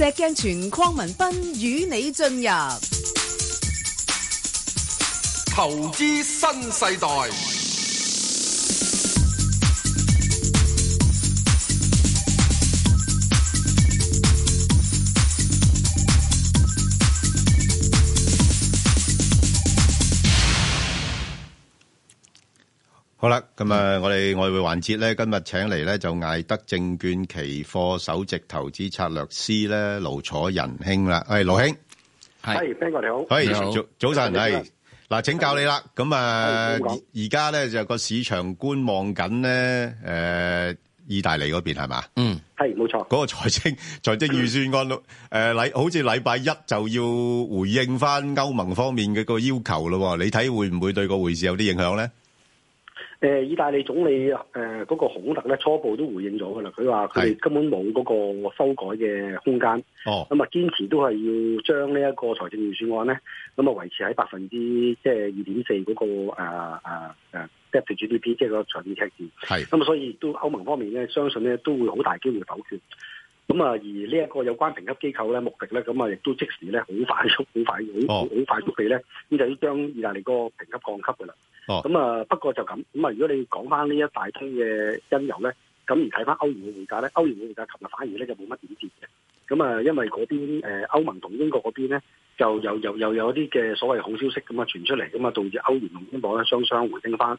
石鏡泉、鄺民彬與你進入投資新世代。好啦，咁誒，我哋外匯環節咧，今日請嚟咧就艾德證券期貨首席投資策略師咧盧楚仁兄啦。係盧兄，係邊個？你好，你好，早早晨，係嗱，請教你啦。咁誒，而而家咧就個市場觀望緊咧，誒，意大利嗰邊係嘛？嗯，係冇錯，嗰個財政財政預算案，誒禮好似禮拜一就要回應翻歐盟方面嘅個要求咯。你睇會唔會對個匯市有啲影響咧？誒，意大利總理誒，嗰、呃那個孔特咧初步都回應咗噶啦，佢話佢根本冇嗰個修改嘅空間，咁啊堅持都係要將呢一個財政預算案咧，咁啊維持喺百分之即係二點四嗰個啊啊啊 debt to GDP 即係個財政赤字，咁啊、嗯、所以都歐盟方面咧，相信咧都會好大機會否決。咁啊，而呢一個有關評級機構咧，目的咧，咁啊，亦都即時咧，好快、哦、快速，好快，好好快速地咧，咁就要將意大利個評級降級嘅啦。咁、哦、啊，不過就咁，咁啊，如果你講翻呢一大堆嘅因由咧，咁而睇翻歐元嘅匯價咧，歐元嘅匯價琴日反而咧就冇乜點跌嘅。咁啊，因為嗰邊誒、呃、歐盟同英國嗰邊咧，就又又又有啲嘅所謂好消息咁啊傳出嚟，咁啊導致歐元同英鎊咧雙雙回升返，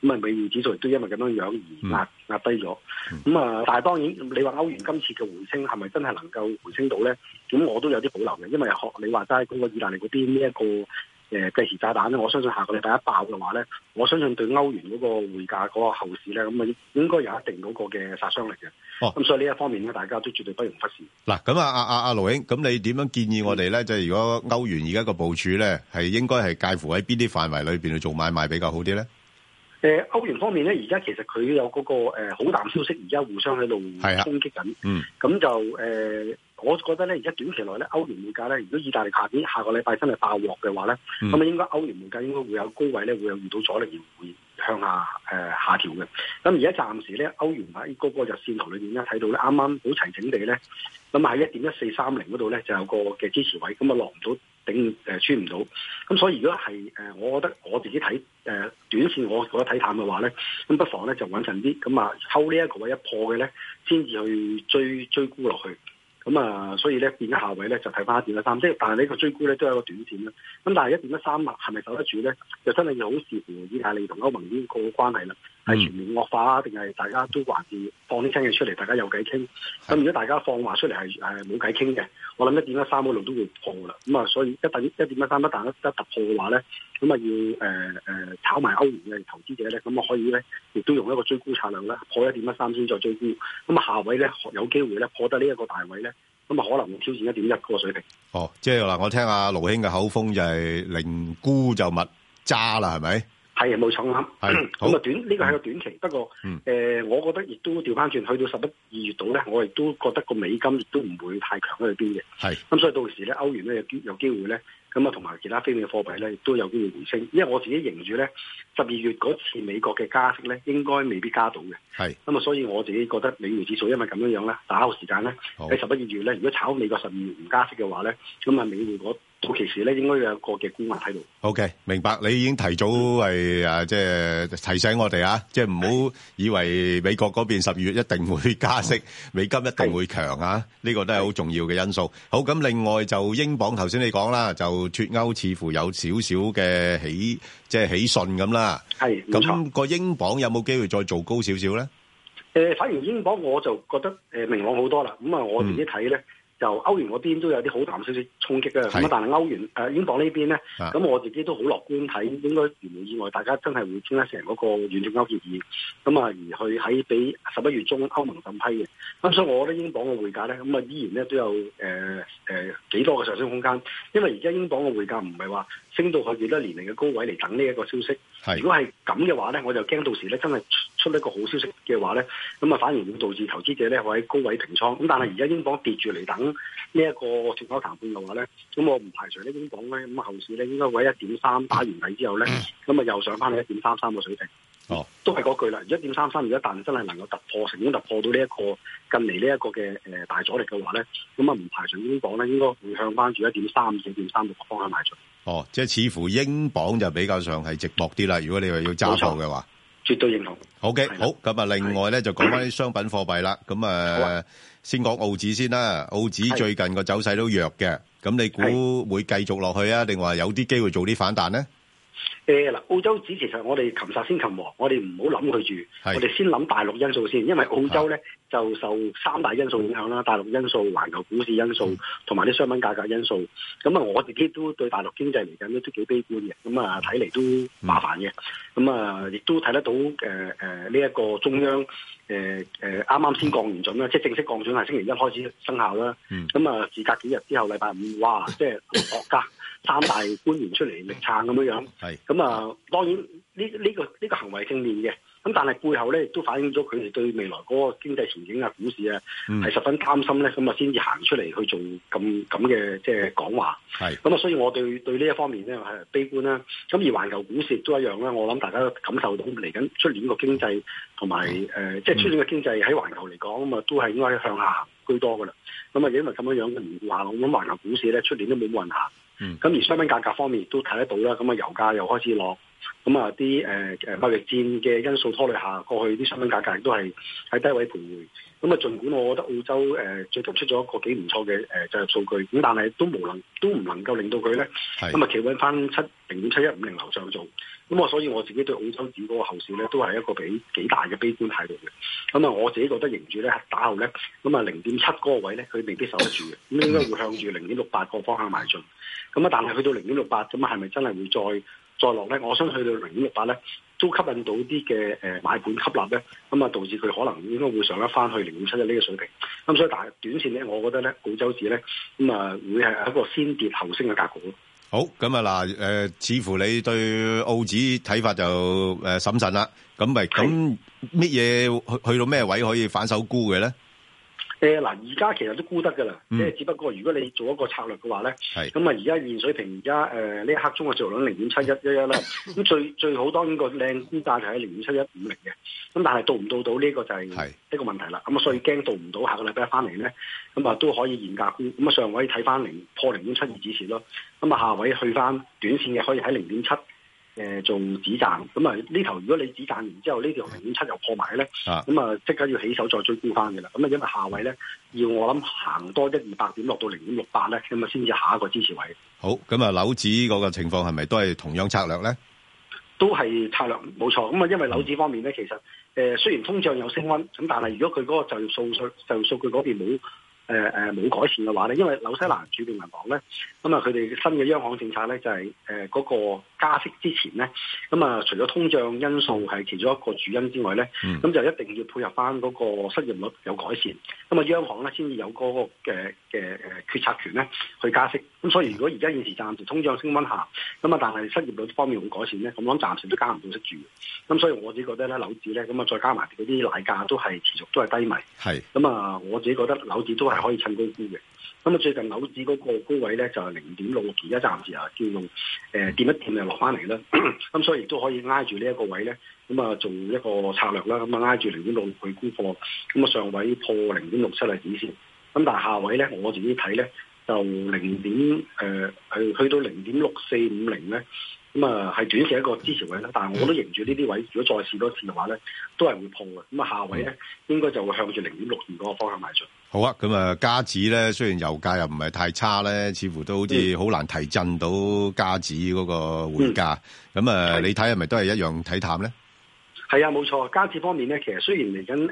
咁啊美元指數亦都因為咁樣樣而壓壓低咗。咁啊，但係當然你話歐元今次嘅回升係咪真係能夠回升到咧？咁我都有啲保留嘅，因為學你話齋嗰個意大利嗰邊呢一、嗰個。誒、呃，計時炸彈咧，我相信下個禮拜一爆嘅話咧，我相信對歐元嗰個匯價嗰個後市咧，咁啊應該有一定嗰個嘅殺傷力嘅。哦，咁、嗯、所以呢一方面咧，大家都絕對不容忽視。嗱，咁啊，阿阿阿盧英咁你點樣建議我哋咧？就、嗯、係如果歐元而家個部署咧，係應該係介乎喺邊啲範圍裏邊去做買賣比較好啲咧？誒、呃，歐元方面咧，而家其實佢有嗰、那個誒好、呃、淡消息，而家互相喺度係啊攻擊緊。嗯，咁就誒。呃我覺得咧，而家短期內咧，歐元匯價咧，如果意大利下邊下個禮拜真係爆鑊嘅話咧，咁、嗯、啊應該歐元匯價應該會有高位咧，會有遇到阻力而唔會向下誒、呃、下調嘅。咁而家暫時咧，歐元喺嗰個日線圖裏面咧睇到咧，啱啱好齊整地咧，咁喺一點一四三零嗰度咧就有個嘅支持位，咁啊落唔到頂誒、呃、穿唔到，咁所以如果係誒、呃，我覺得我自己睇誒、呃、短線我覺得呢，我睇淡嘅話咧，咁不妨咧就穩陣啲，咁啊，抽呢一個位一破嘅咧，先至去追追沽落去。咁啊，所以咧，變咗下位咧，就睇翻一點一三，即係但係呢個追沽咧，都係一個短線啦。咁但係一點一三啊，係咪受得住咧？就真係要好視乎意大利同歐盟已呢個關係啦。係全面惡化啊？定係大家都還是放啲真嘅出嚟，大家有偈傾。咁如果大家放話出嚟係誒冇偈傾嘅，我諗一點一三嗰度都會破啦。咁啊，所以一等一點一三一旦一突破嘅話咧，咁啊要誒誒、呃、炒埋歐元嘅投資者咧，咁啊可以咧，亦都用一個追沽策略咧，破一點一三先再追沽。咁啊下位咧有機會咧破得呢一個大位咧，咁啊可能會挑戰一點一嗰個水平。哦，即係嗱，我聽阿盧兄嘅口風就係、是、寧沽就勿揸」啦，係咪？係啊，冇錯咁啊，短呢個係個短期。不過，誒、嗯呃，我覺得亦都調翻轉，去到十一、二月度咧，我亦都覺得個美金亦都唔會太強喺去邊嘅。係。咁、嗯、所以到時咧，歐元咧有機有機會咧，咁啊，同埋其他非美元貨幣咧，都有機會回升。因為我自己認住咧，十二月嗰次美國嘅加息咧，應該未必加到嘅。係。咁、嗯、啊，所以我自己覺得美元指數因為咁樣樣咧，打後時間咧，喺十一二月咧，如果炒美國十二月唔加息嘅話咧，咁啊，美元其實咧，應該有一個嘅觀望喺度。O K，明白。你已經提早係誒，即係提醒我哋啊，即係唔好以為美國嗰邊十二月一定會加息，美金一定會強啊。呢個都係好重要嘅因素。好，咁，另外就英鎊，頭先你講啦，就脫歐似乎有少少嘅起，即係起信咁啦。係，冇錯。咁個英鎊有冇機會再做高少少咧？誒，反而英鎊我就覺得誒明朗好多啦。咁啊，我自己睇咧。就歐元嗰邊都有啲好淡少少衝擊嘅，咁但係歐元誒，英鎊邊呢邊咧，咁我自己都好樂觀睇，應該無意外大家真係會傾得成嗰個軟脫歐協議，咁啊而去喺比十一月中歐盟審批嘅，咁所以我覺得英鎊嘅匯價咧，咁啊依然咧都有誒、呃呃、幾多嘅上升空間，因為而家英鎊嘅匯價唔係話。升到我幾多年齡嘅高位嚟等呢一個消息。是如果係咁嘅話咧，我就驚到時咧真係出呢一個好消息嘅話咧，咁啊反而會導致投資者咧會喺高位平倉。咁但係而家英鎊跌住嚟等呢一個脫歐談判嘅話咧，咁我唔排除呢英鎊咧咁後市咧應該會喺一點三打完底之後咧，咁啊又上翻去一點三三個水平。哦，都係嗰句啦，一點三三如果但真係能夠突破，成功突破到呢一個近嚟呢一個嘅誒大阻力嘅話咧，咁啊唔排除英鎊咧應該會向翻住一點三四至一點三六嘅方向邁進。哦，即係似乎英鎊就比較上係寂寞啲啦。如果你話要揸貨嘅話，絕對認同。OK，好。咁啊，另外咧就講翻啲商品貨幣啦。咁啊，先講澳紙先啦。澳紙最近個走勢都弱嘅，咁你估會繼續落去啊，定話有啲機會做啲反彈咧？嗱、呃，澳洲隻其實我哋擒殺先擒王，我哋唔好諗佢住，我哋先諗大陸因素先，因為澳洲咧就受三大因素影響啦，大陸因素、環球股市因素同埋啲商品價格因素。咁啊，我自己都對大陸經濟嚟緊都幾悲觀嘅，咁啊睇嚟都麻煩嘅。咁、嗯、啊，亦都睇得到誒呢一個中央誒啱啱先降完準啦，即係正式降準係星期一開始生效啦。咁、嗯、啊，事隔幾日之後，禮拜五哇，即係國家。 三大官員出嚟力撐咁樣樣，係咁啊！當然呢呢個呢個行為正面嘅，咁但係背後咧亦都反映咗佢哋對未來嗰個經濟前景啊、股市啊係十分擔心咧，咁啊先至行出嚟去做咁咁嘅即係講話係咁啊！所以我對對呢一方面咧係悲觀啦。咁而環球股市都一樣啦，我諗大家都感受到嚟緊出年個經濟同埋誒即係出年嘅經濟喺環球嚟講啊，都係應該向下行居多噶啦。咁啊，因為咁樣樣嘅話，咁環球股市咧出年都冇乜人行。咁、嗯、而商品價格方面都睇得到啦，咁啊油價又開始落，咁啊啲誒誒貿易戰嘅因素拖累，下，過去啲商品價格亦都係喺低位徘徊。咁啊，儘管我覺得澳洲誒、呃、最近出咗一個幾唔錯嘅誒就入數據，咁但係都無能都唔能夠令到佢咧，咁啊企穩翻七零點七一五零樓上做。咁我所以我自己對澳洲指嗰個後市咧，都係一個比幾大嘅悲觀態度嘅。咁啊，我自己覺得迎住咧打後咧，咁啊零點七嗰個位咧，佢未必守得住嘅。咁應該會向住零點六八個方向邁進。咁啊，但係去到零點六八咁啊，係咪真係會再再落咧？我相信去到零點六八咧，都吸引到啲嘅誒買盤吸納咧，咁啊導致佢可能應該會上一翻去零點七一呢個水平。咁所以但係短線咧，我覺得咧澳洲指咧，咁啊會係一個先跌後升嘅格局。好，咁啊嗱，誒、呃、似乎你對澳紙睇法就誒、呃、審慎啦，咁咪咁乜嘢去到咩位可以反手沽嘅咧？誒、呃，嗱，而家其實都沽得噶啦，即、嗯、係只不過如果你做一個策略嘅話咧，咁啊，而家現，現水平而家誒呢一刻鐘嘅做量零點七一一一啦，咁最最好當然個靚估價就喺零點七一五零嘅，咁但係到唔到到呢個就係一個問題啦，咁啊所以驚到唔到下個禮拜翻嚟咧，咁啊都可以現價沽，咁啊上位睇翻零破零點七二之前咯，咁啊下位去翻短線嘅可以喺零點七。誒，做止賺咁啊，呢頭如果你止賺完之後，呢條零點七又破埋咧，咁啊即刻要起手再追沽翻嘅啦。咁啊，因為下位咧要我諗行多一二百點落到零點六八咧，咁啊先至下一個支持位。好，咁啊樓指嗰個情況係咪都係同樣策略咧？都係策略冇錯。咁啊，因為樓指方面咧、嗯，其實誒、呃、雖然通脹有升溫，咁但係如果佢嗰個就業數就業數據嗰邊冇誒誒冇改善嘅話咧，因為紐西蘭主力銀行咧。咁啊，佢哋新嘅央行政策咧，就係誒嗰個加息之前咧，咁啊，除咗通脹因素係其中一個主因之外咧，咁、嗯、就一定要配合翻嗰個失業率有改善，咁啊，央行咧先至有嗰、嗰個嘅嘅嘅決策權咧去加息。咁所以如果而家現時暫時通脹升溫下，咁啊，但係失業率方面冇改善咧，咁樣暫時都加唔到息住。咁所以我自己覺得咧，樓市咧，咁啊，再加埋嗰啲奶價都係持續都係低迷。係。咁啊，我自己覺得樓市都係可以趁高估嘅。咁啊，最近樓指嗰個高位咧就係零點六六，而家暫時啊，叫用誒跌一跌就落翻嚟啦。咁所以亦都可以挨住呢一個位咧，咁、嗯、啊做一個策略啦。咁啊，挨住零點六六去沽貨。咁、嗯、啊上位破零點六七嚟止先。咁、嗯、但係下位咧，我自己睇咧就零點誒、呃、去去到零點六四五零咧。咁、嗯、啊，係短線一個支持位啦，但係我都迎住呢啲位置，如果再試多次嘅話咧，都係會碰的。嘅。咁啊，下位咧應該就會向住零點六二嗰個方向邁進。好啊，咁啊，加指咧，雖然油價又唔係太差咧，似乎都好似好難提振到加指嗰個匯價。咁、嗯、啊，你睇係咪都係一樣睇淡咧？係啊，冇錯，加指方面咧，其實雖然嚟緊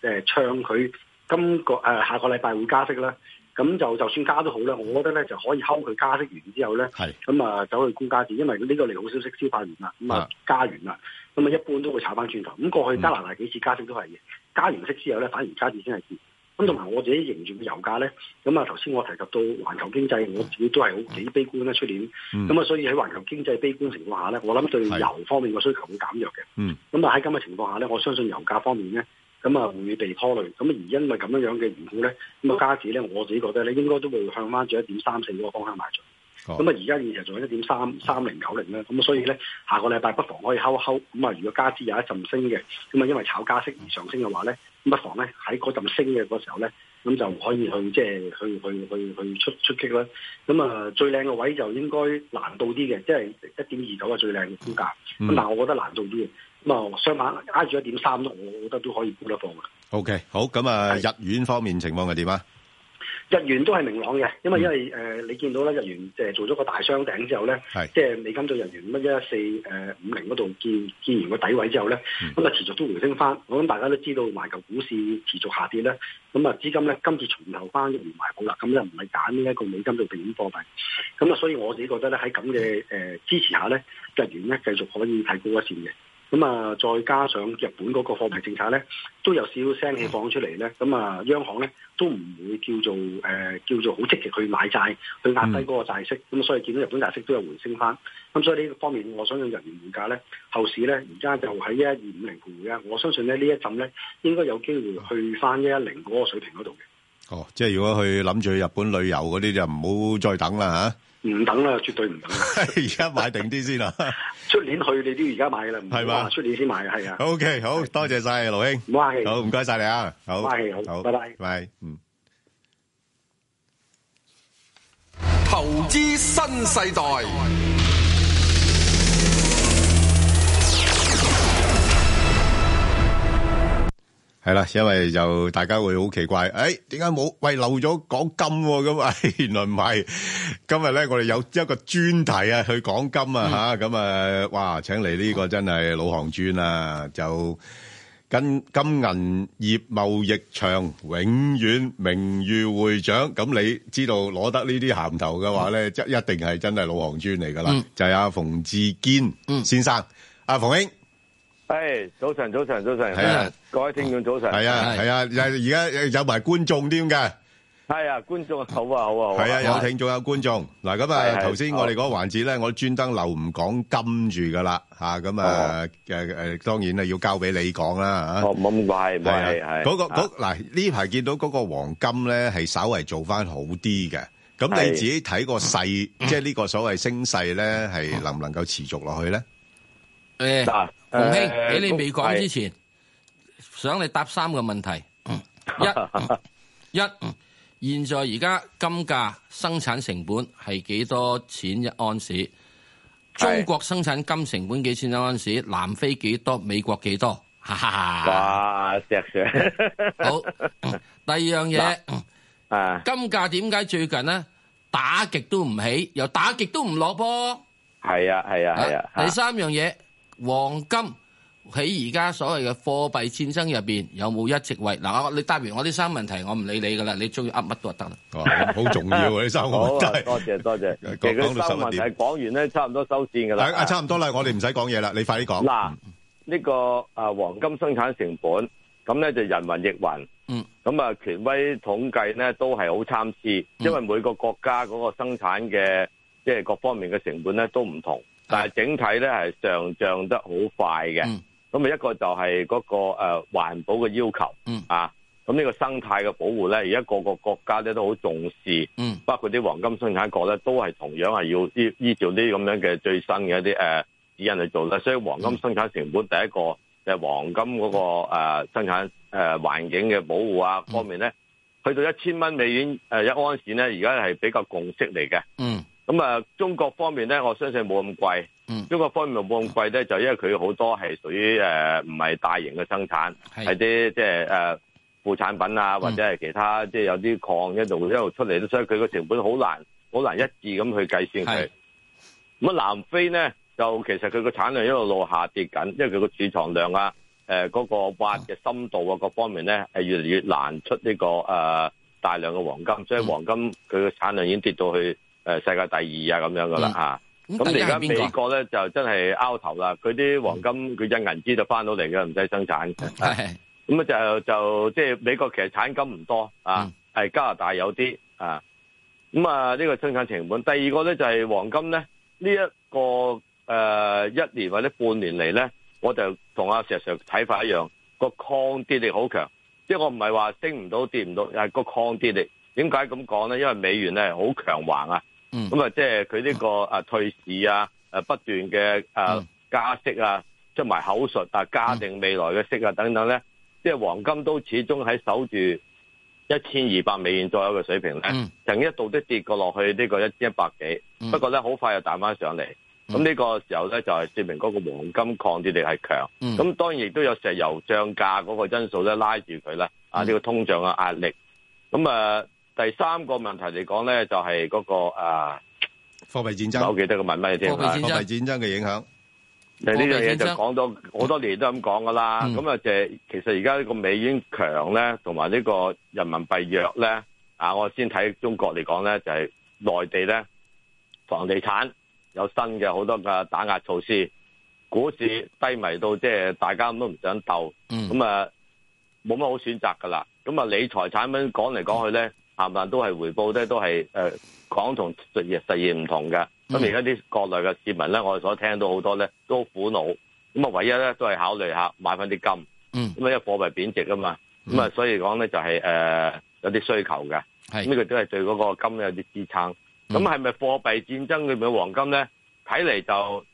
誒誒唱佢今個誒、呃、下個禮拜會加息啦。咁就就算加都好啦，我覺得咧就可以睺佢加息完之後咧，咁啊走去沽價字，因為呢個利好消息消化完啦，咁啊加完啦，咁啊一般都會炒翻轉頭。咁過去加拿大幾次加息都係嘅、嗯，加完息之後咧反而價字先係跌。咁同埋我自己認住個油價咧，咁啊頭先我提及到環球經濟，我自己都係好幾悲觀呢，出年。咁、嗯、啊，所以喺環球經濟悲觀情況下咧，我諗對油方面個需求會減弱嘅。咁啊喺咁嘅情況下咧，我相信油價方面咧。咁、嗯、啊會被拖累，咁而因為咁樣樣嘅緣故咧，咁啊加止咧我自己覺得咧，應該都會向翻住一點三四嗰個方向買進。咁啊而家現時仲有一點三三零九零咧，咁啊所以咧下個禮拜不妨可以拋一拋。咁啊如果加止有一陣升嘅，咁啊因為炒加息而上升嘅話咧，咁不妨咧喺嗰陣升嘅嗰時候咧，咁就可以去即係去去去去，去出出擊啦。咁啊最靚嘅位就應該難度啲嘅，即係一點二九啊最靚嘅估價。咁、嗯、但係我覺得難度啲嘅。咁啊，相反挨住一點三咯，我覺得都可以估得過嘅。O、okay, K，好咁啊，日元方面情況係點啊？日元都係明朗嘅，因為因為誒、嗯呃，你見到咧，日元即係做咗個大雙頂之後咧，即係美金對日元乜一四誒五零嗰度見見完個底位之後咧，咁、嗯、啊持續都升回升翻。我諗大家都知道，全球股市持續下跌咧，咁啊資金咧今次重投翻唔幣寶啦，咁又唔係揀呢一個美金對避險貨幣，咁啊所以我自己覺得咧喺咁嘅誒支持下咧，日元咧繼續可以睇高一線嘅。咁、嗯、啊，再加上日本嗰個貨幣政策咧，都有少少聲氣放出嚟咧。咁、嗯、啊，央行咧都唔會叫做、呃、叫做好積極去買債，去壓低嗰個債息。咁、嗯嗯、所以見到日本債息都有回升翻。咁、嗯、所以呢個方面，我相信日元匯價咧，後市咧而家就喺一一二五零徘徊啦。我相信咧呢一陣咧，應該有機會去翻一一零嗰個水平嗰度嘅。哦，即係如果去諗住去日本旅遊嗰啲，就唔好再等啦嚇。唔等啦，絕對唔等。而 家買定啲先啦、啊。出年去你都而家買嘅啦，唔係嘛？出年先買係啊。O、okay, K，好多謝晒盧兄，唔好客氣。好，唔該晒你啊。好，拜拜。好，拜，拜。Bye. 嗯，投資新世代。係啦，因為就大家會好奇怪，誒，點解冇？喂，漏咗講金咁啊？原來唔係，今日咧，我哋有一個專題啊，去講金啊，吓咁啊，哇，請嚟呢個真係老行尊啊，就跟金銀業貿易場永遠名譽會長，咁你知道攞得呢啲銜頭嘅話咧，即係一定係真係老行尊嚟噶啦，就係阿馮志堅先生，阿馮兄。誒，早晨，早晨，早晨，各位聽眾早晨，係啊，係啊，而而家有埋觀眾添㗎，係啊，觀眾好啊，好啊，係啊，有聽眾有觀眾，嗱，咁啊，頭先我哋嗰個環節咧，我專登留唔講金住噶啦，吓，咁啊，誒誒，當然啊，要交俾你講啦，吓，唔係唔係，係嗰個嗰嗱呢排見到嗰個黃金咧，係稍為做翻好啲嘅，咁你自己睇個勢，即係呢個所謂升勢咧，係能唔能夠持續落去咧？誒。洪興，喺你未講之前，嗯、想你答三個問題。嗯、一、嗯、一，現在而家金價生產成本係幾多錢一安士？中國生產金成本幾錢一安士？南非幾多？美國幾多？哈哈，哇！石 Sir。好、嗯，第二樣嘢，啊、嗯，金價點解最近呢？打極都唔起，又打極都唔落波？係啊，係啊，係啊。第三樣嘢。黃金喺而家所謂嘅貨幣戰爭入邊有冇一席位？嗱、啊，我你答完我呢三問題，我唔理你噶啦，你中意噏乜都得啦。好重要啊！呢 三個好、啊、多謝多謝。其實三個問題講完咧，差唔多收線噶啦。啊，差唔多啦，我哋唔使講嘢啦，你快啲講。嗱，呢個啊黃金生產成本，咁咧就人云亦云。嗯。咁啊，權威統計咧都係好參差，因為每個國家嗰個生產嘅。即係各方面嘅成本咧都唔同，但係整體咧係上漲得好快嘅。咁啊一個就係嗰、那個誒環、呃、保嘅要求、嗯、啊。咁呢個生態嘅保護咧，而家個個國家咧都好重視，嗯、包括啲黃金生產國咧都係同樣係要依依照啲咁樣嘅最新嘅一啲誒、呃、指引去做啦。所以黃金生產成本第一個、嗯、就係、是、黃金嗰、那個、呃、生產誒環、呃、境嘅保護啊、嗯、方面咧，去到一千蚊美元誒、呃、一盎司咧，而家係比較共識嚟嘅。嗯。咁啊，中國方面咧，我相信冇咁貴。嗯，中國方面冇咁貴咧，就因為佢好多係屬於誒唔係大型嘅生產，係啲即係誒副產品啊，或者係其他即係、嗯就是、有啲礦一路一路出嚟，所以佢個成本好難好難一致咁去計算佢。咁啊，南非咧就其實佢個產量一路路下跌緊，因為佢個儲藏量啊、誒、呃、嗰、嗰個挖嘅、啊、深度啊各方面咧係越嚟越難出呢、這個誒、呃、大量嘅黃金，所以黃金佢個、嗯、產量已經跌到去。誒，世界第二啊，咁樣噶啦吓，咁而家美國咧就真係拗頭啦，佢啲黃金佢印銀紙就翻到嚟嘅，唔、嗯、使生產。係，咁啊、嗯嗯、就就即係美國其實產金唔多啊，係、嗯、加拿大有啲啊，咁啊呢、這個生產成本。第二個咧就係、是、黃金咧呢一、這個誒、呃、一年或者半年嚟咧，我就同阿石 sir 睇法一樣，個抗跌力好強。即係我唔係話升唔到跌唔到，係、啊、個抗跌力。點解咁講咧？因為美元咧好強橫啊。咁、嗯、啊，即係佢呢個啊退市啊，誒、嗯啊、不斷嘅誒加息啊，嗯、出埋口述啊，加定未來嘅息啊等等咧，即、就、係、是、黃金都始終喺守住一千二百美元左右嘅水平咧，曾、嗯、一度都跌過落去呢個一千一百幾，不過咧好快又彈翻上嚟。咁、嗯、呢個時候咧就係、是、說明嗰個黃金抗跌力係強。咁、嗯、當然亦都有石油漲價嗰個因素咧拉住佢啦，啊呢、這個通脹嘅壓力。咁啊～、呃第三個問題嚟講咧，就係嗰個啊貨幣戰爭，我記得個問乜嘢先啊？貨幣戰爭嘅影響，呢樣嘢就講咗好多年都咁講噶啦。咁、嗯、啊，即係其實而家呢個美已經強咧，同埋呢個人民幣弱咧啊，我先睇中國嚟講咧，就係內地咧，房地產有新嘅好多嘅打壓措施，股市低迷到即係大家咁都唔想鬥，咁啊冇乜好選擇噶啦。咁啊，理財產品講嚟講去咧。咸淡都係回報咧，都係誒講同實現實現唔同嘅。咁而家啲國內嘅市民咧，我哋所聽到好多咧都苦惱。咁啊，唯一咧都係考慮下買翻啲金。嗯。咁、嗯就是呃這個呃、啊，因為貨幣貶值啊嘛。咁啊，所以講咧就係誒有啲需求嘅。係。呢個都係對嗰個金有啲支撐。咁係咪貨幣戰爭裏面嘅黃金咧？睇嚟就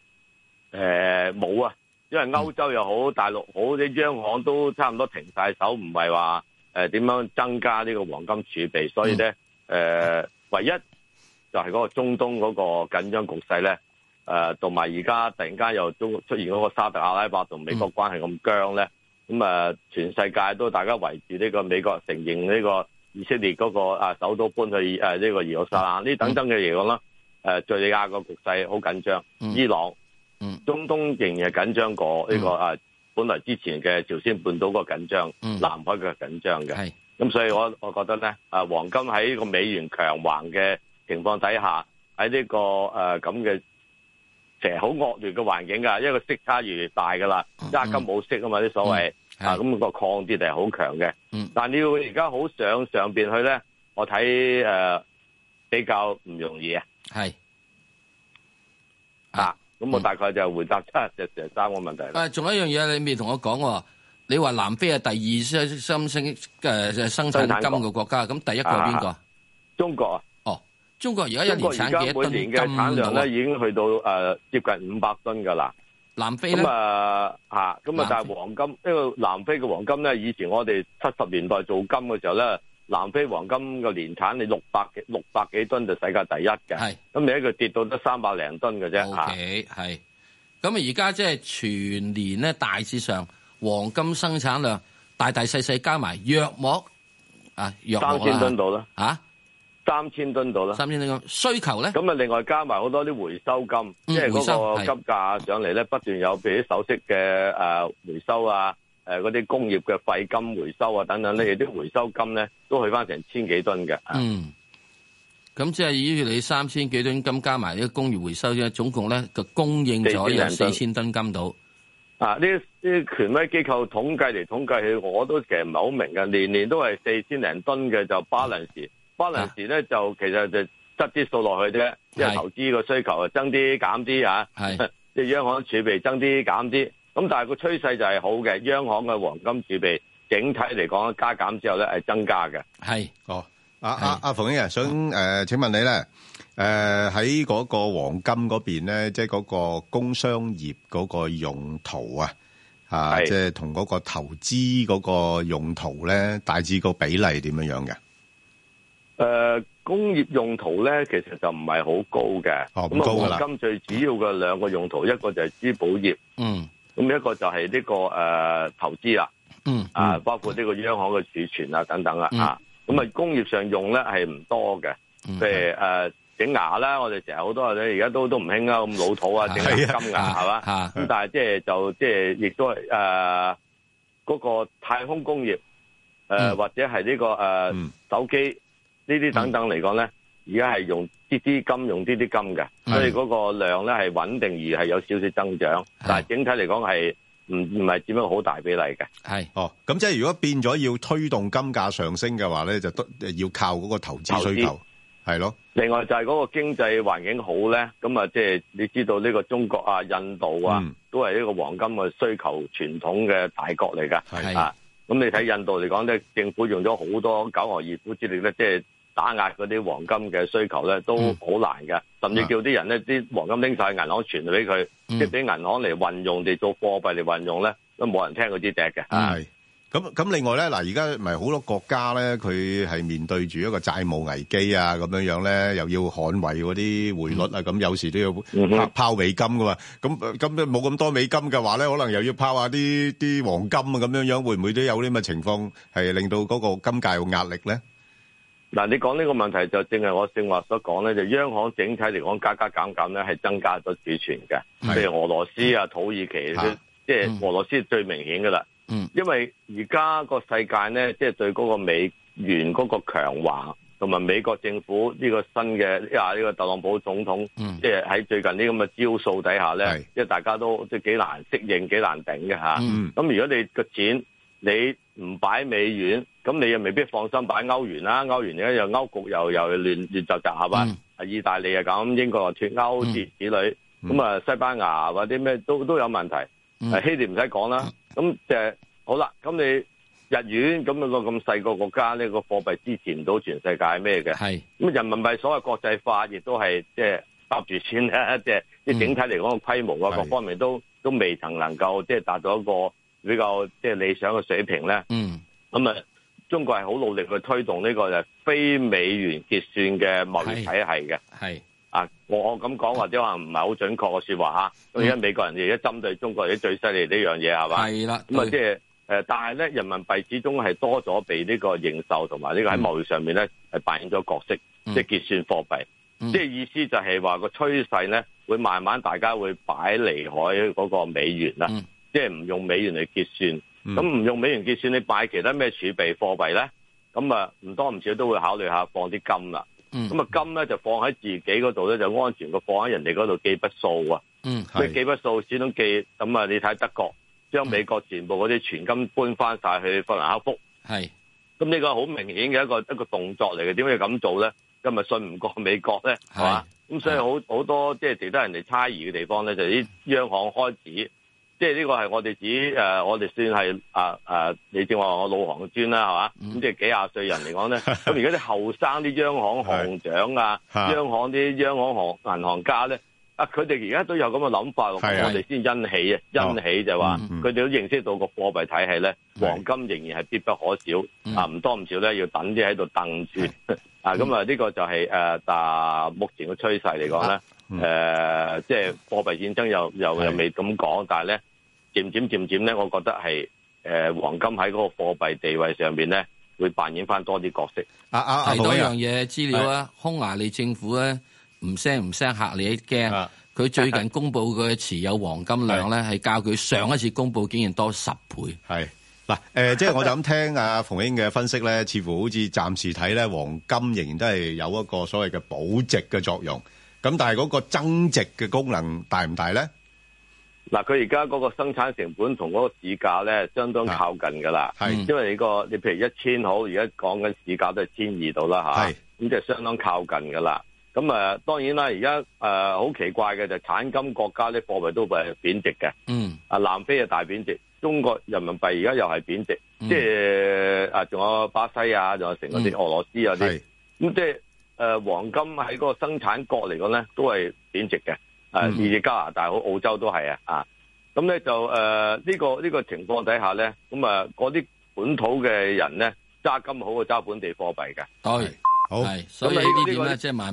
誒冇啊，因為歐洲又好，大陸好，啲央行都差唔多停晒手，唔係話。誒，點樣增加呢個黃金儲備？所以咧，誒、嗯呃，唯一就係嗰個中東嗰個緊張局勢咧，誒、呃，同埋而家突然間又中出現嗰個沙特阿拉伯同美國關係咁僵咧，咁、嗯、啊、呃，全世界都大家圍住呢個美國承認呢個以色列嗰個啊首都搬去誒呢、呃這個耶路撒冷，呢等等嘅嘢講啦。誒、嗯，敘利亞個局勢好緊張，嗯、伊朗、嗯、中東仍然係緊張過呢、這個啊。嗯嗯本來之前嘅朝鮮半島個緊張，南海嘅緊張嘅，咁所以我我覺得咧，啊黃金喺個美元強橫嘅情況底下，喺呢、這個誒咁嘅成日好惡劣嘅環境噶，因為個息差越嚟越大噶啦，揸金冇息啊嘛，啲所謂、嗯、啊咁、那個抗跌係好強嘅，但你要而家好上上邊去咧，我睇誒、呃、比較唔容易啊，係啊。咁、嗯、我大概就回答得就成三個問題。仲、嗯、有一樣嘢你未同我講喎？你話南非係第二生生誒生產金嘅國家，咁第一個邊個、啊？中國啊？哦，中國而家一年產幾噸產量咧，已經去到誒、呃、接近五百噸噶啦。南非咧？咁啊吓，咁、呃、啊、嗯、但係黃金，因為南非嘅黃金咧，以前我哋七十年代做金嘅時候咧。.南非黃金嘅年產你六百幾六百幾噸就世界第一嘅，咁而家佢跌到得三百零噸嘅啫嚇。係、okay，咁啊而家即係全年咧大致上黃金生產量大大細細加埋約莫啊約三千噸度啦嚇，三千噸度啦、啊。三千噸、啊、三千噸需求咧？咁啊另外加埋好多啲回收金，即係嗰個金價上嚟咧不斷有，譬如啲首飾嘅誒回收啊。誒、啊，嗰啲工業嘅廢金回收啊，等等呢啲回收金咧都去翻成千幾噸嘅。嗯，咁即係以你三千幾噸金加埋呢啲工業回收咧，總共咧就供應咗有四千噸金度。啊，呢啲權威機構統計嚟統計去，我都其實唔係好明嘅，年年都係四千零噸嘅就巴倫士，巴倫士咧就其實就執啲數落去啫，即係投資個需求增啲減啲吓，即係、啊、 央行儲備增啲減啲。減咁但係個趨勢就係好嘅，央行嘅黃金儲備整體嚟講加減之後咧係增加嘅。係哦，阿阿阿馮兄想誒、呃，請問你咧誒喺嗰個黃金嗰邊咧，即係嗰個工商業嗰個用途啊，吓即係同嗰個投資嗰個用途咧，大致個比例點樣樣嘅？誒、呃，工業用途咧其實就唔係好高嘅，咁、哦、啊，黃金最主要嘅兩個用途，一個就係珠寶業，嗯。咁一個就係呢、這個誒、呃、投資啦，嗯，嗯啊包括呢個央行嘅儲存啊等等啦、嗯、啊，咁、嗯、啊、嗯、工業上用咧係唔多嘅，即係誒整牙啦，我哋成日好多咧，而家都都唔興啊咁老土啊整金牙係嘛，咁、 啊啊、但係即係就即係亦都係誒嗰、呃那個太空工業誒、呃嗯、或者係呢、這個誒、呃、手機呢啲等等嚟講咧。嗯嗯呢而家係用啲啲金，用啲啲金嘅，所以嗰個量咧係穩定，而係有少少增長，是但係整體嚟講係唔唔係佔到好大比例嘅。係哦，咁即係如果變咗要推動金價上升嘅話咧，就得要靠嗰個投資需求，係咯。另外就係嗰個經濟環境好咧，咁啊即係你知道呢個中國啊、印度啊，嗯、都係一個黃金嘅需求傳統嘅大國嚟㗎。係啊，咁你睇印度嚟講咧，政府用咗好多九牛二虎之力咧，即係。打壓嗰啲黃金嘅需求咧，都好難㗎，甚至叫啲人咧，啲黃金拎晒銀行存俾佢，即係俾銀行嚟運用，嚟做貨幣嚟運用咧，都冇人聽嗰啲嘢嘅。係咁咁，另外咧，嗱而家咪好多國家咧，佢係面對住一個債務危機啊，咁樣樣咧，又要捍衛嗰啲匯率啊，咁有時都要拋美金噶嘛。咁咁冇咁多美金嘅話咧，可能又要拋下啲啲黃金啊，咁樣樣會唔會都有啲咁嘅情況係令到嗰個金價有壓力咧？嗱，你講呢個問題就正係我正話所講咧，就央行整體嚟講加加減減咧，係增加咗儲存嘅，譬如俄羅斯啊、土耳其即係、就是、俄羅斯最明顯㗎啦。嗯，因為而家個世界咧，即、就、係、是、對嗰個美元嗰個強華同埋美國政府呢個新嘅啊呢個特朗普總統，即係喺最近呢咁嘅招數底下咧，即係、就是、大家都即係幾難適應、幾難頂嘅嚇。咁、啊、如果你個錢你唔擺美元。咁你又未必放心擺歐元啦，歐元咧又歐局又又亂亂雜雜啊嘛，啊、嗯、意大利啊咁，英國又脫歐、嗯、之類，咁啊西班牙或者咩都都有問題，啊希臘唔使講啦，咁即係好啦，咁你日元咁個咁細、那個那個、個國家呢、那個貨幣支持唔到全世界咩嘅，咁人民幣所謂國際化亦都係即係搭住先啦，即係啲整體嚟講個規模啊、嗯、各方面都都未曾能夠即係達到一個比較即係、就是、理想嘅水平咧，咁、嗯、啊～中國係好努力去推動呢個就非美元結算嘅貿易體系嘅。係啊，我咁講或者話唔係好準確嘅説話嚇。咁而家美國人亦都針對中國啲最犀利呢樣嘢係嘛？係啦。咁啊，即係誒，但係咧人民幣始終係多咗被呢個認受同埋呢個喺貿易上面咧係扮演咗角色，即、嗯、係、就係、結算貨幣。即、嗯、係意思就係話個趨勢咧會慢慢大家會擺離開嗰個美元啦，即係唔用美元嚟結算。咁、嗯、唔用美元結算，你擺其他咩儲備貨幣咧？咁啊，唔多唔少都會考慮下放啲金啦。咁、嗯、啊，金咧就放喺自己嗰度咧，就安全過放喺人哋嗰度寄筆數啊。嗯，咩寄筆數先都寄。咁啊，你睇德國將美國全部嗰啲全金搬翻晒去法蘭克福。係，咁呢個好明顯嘅一個一個動作嚟嘅。點解要咁做咧？因為信唔過美國咧，係嘛？咁、啊、所以好好多即係值得人哋猜疑嘅地方咧，就啲、是、央行開始。即係呢個係我哋自己誒、呃，我哋算係啊啊，你正話我老行專啦，係嘛？咁、嗯、即係幾廿歲人嚟講咧，咁而家啲後生啲央行行長啊，央行啲央行行銀行家咧，啊佢哋而家都有咁嘅諗法，我哋先欣喜啊！欣喜就話佢哋都認識到個貨幣體系咧，黃金仍然係必不可少啊！唔多唔少咧，要等啲喺度瞪住啊！咁啊，呢個就係、是、誒、呃，但目前嘅趨勢嚟講咧，誒、啊嗯呃，即係貨幣戰爭又又又未咁講，但係咧。漸漸漸漸咧，我覺得係誒黃金喺嗰個貨幣地位上邊咧，會扮演翻多啲角色。啊啊，多樣嘢資料啊！匈牙利政府咧唔聲唔聲吓你一驚，佢最近公布嘅持有黃金量咧，係較佢上一次公布竟然多十倍。係嗱誒，即係我就咁聽阿馮英嘅分析咧，似乎好似暫時睇咧，黃金仍然都係有一個所謂嘅保值嘅作用。咁但係嗰個增值嘅功能大唔大咧？嗱，佢而家嗰個生產成本同嗰個市價咧，相當靠近㗎啦。係，因為呢、這個你譬如一千好，而家講緊市價都係千二度啦，係，咁、啊、即係相當靠近㗎啦。咁啊、呃，當然啦，而家誒好奇怪嘅就是、產金國家啲貨幣都誒貶值嘅。嗯。啊，南非係大貶值，中國人民幣而家又係貶值，即係啊仲有巴西啊，仲有成嗰啲俄羅斯啊啲。咁即係誒黃金喺嗰個生產國嚟講咧，都係貶值嘅。誒、嗯，而加拿大好，澳洲都係啊，啊，咁咧就，誒呢、呃，這個呢、這個情況底下咧，咁啊嗰啲本土嘅人咧，揸金好過揸本地貨幣嘅，當然好係，所以，嗯、所以呢啲咧即係買。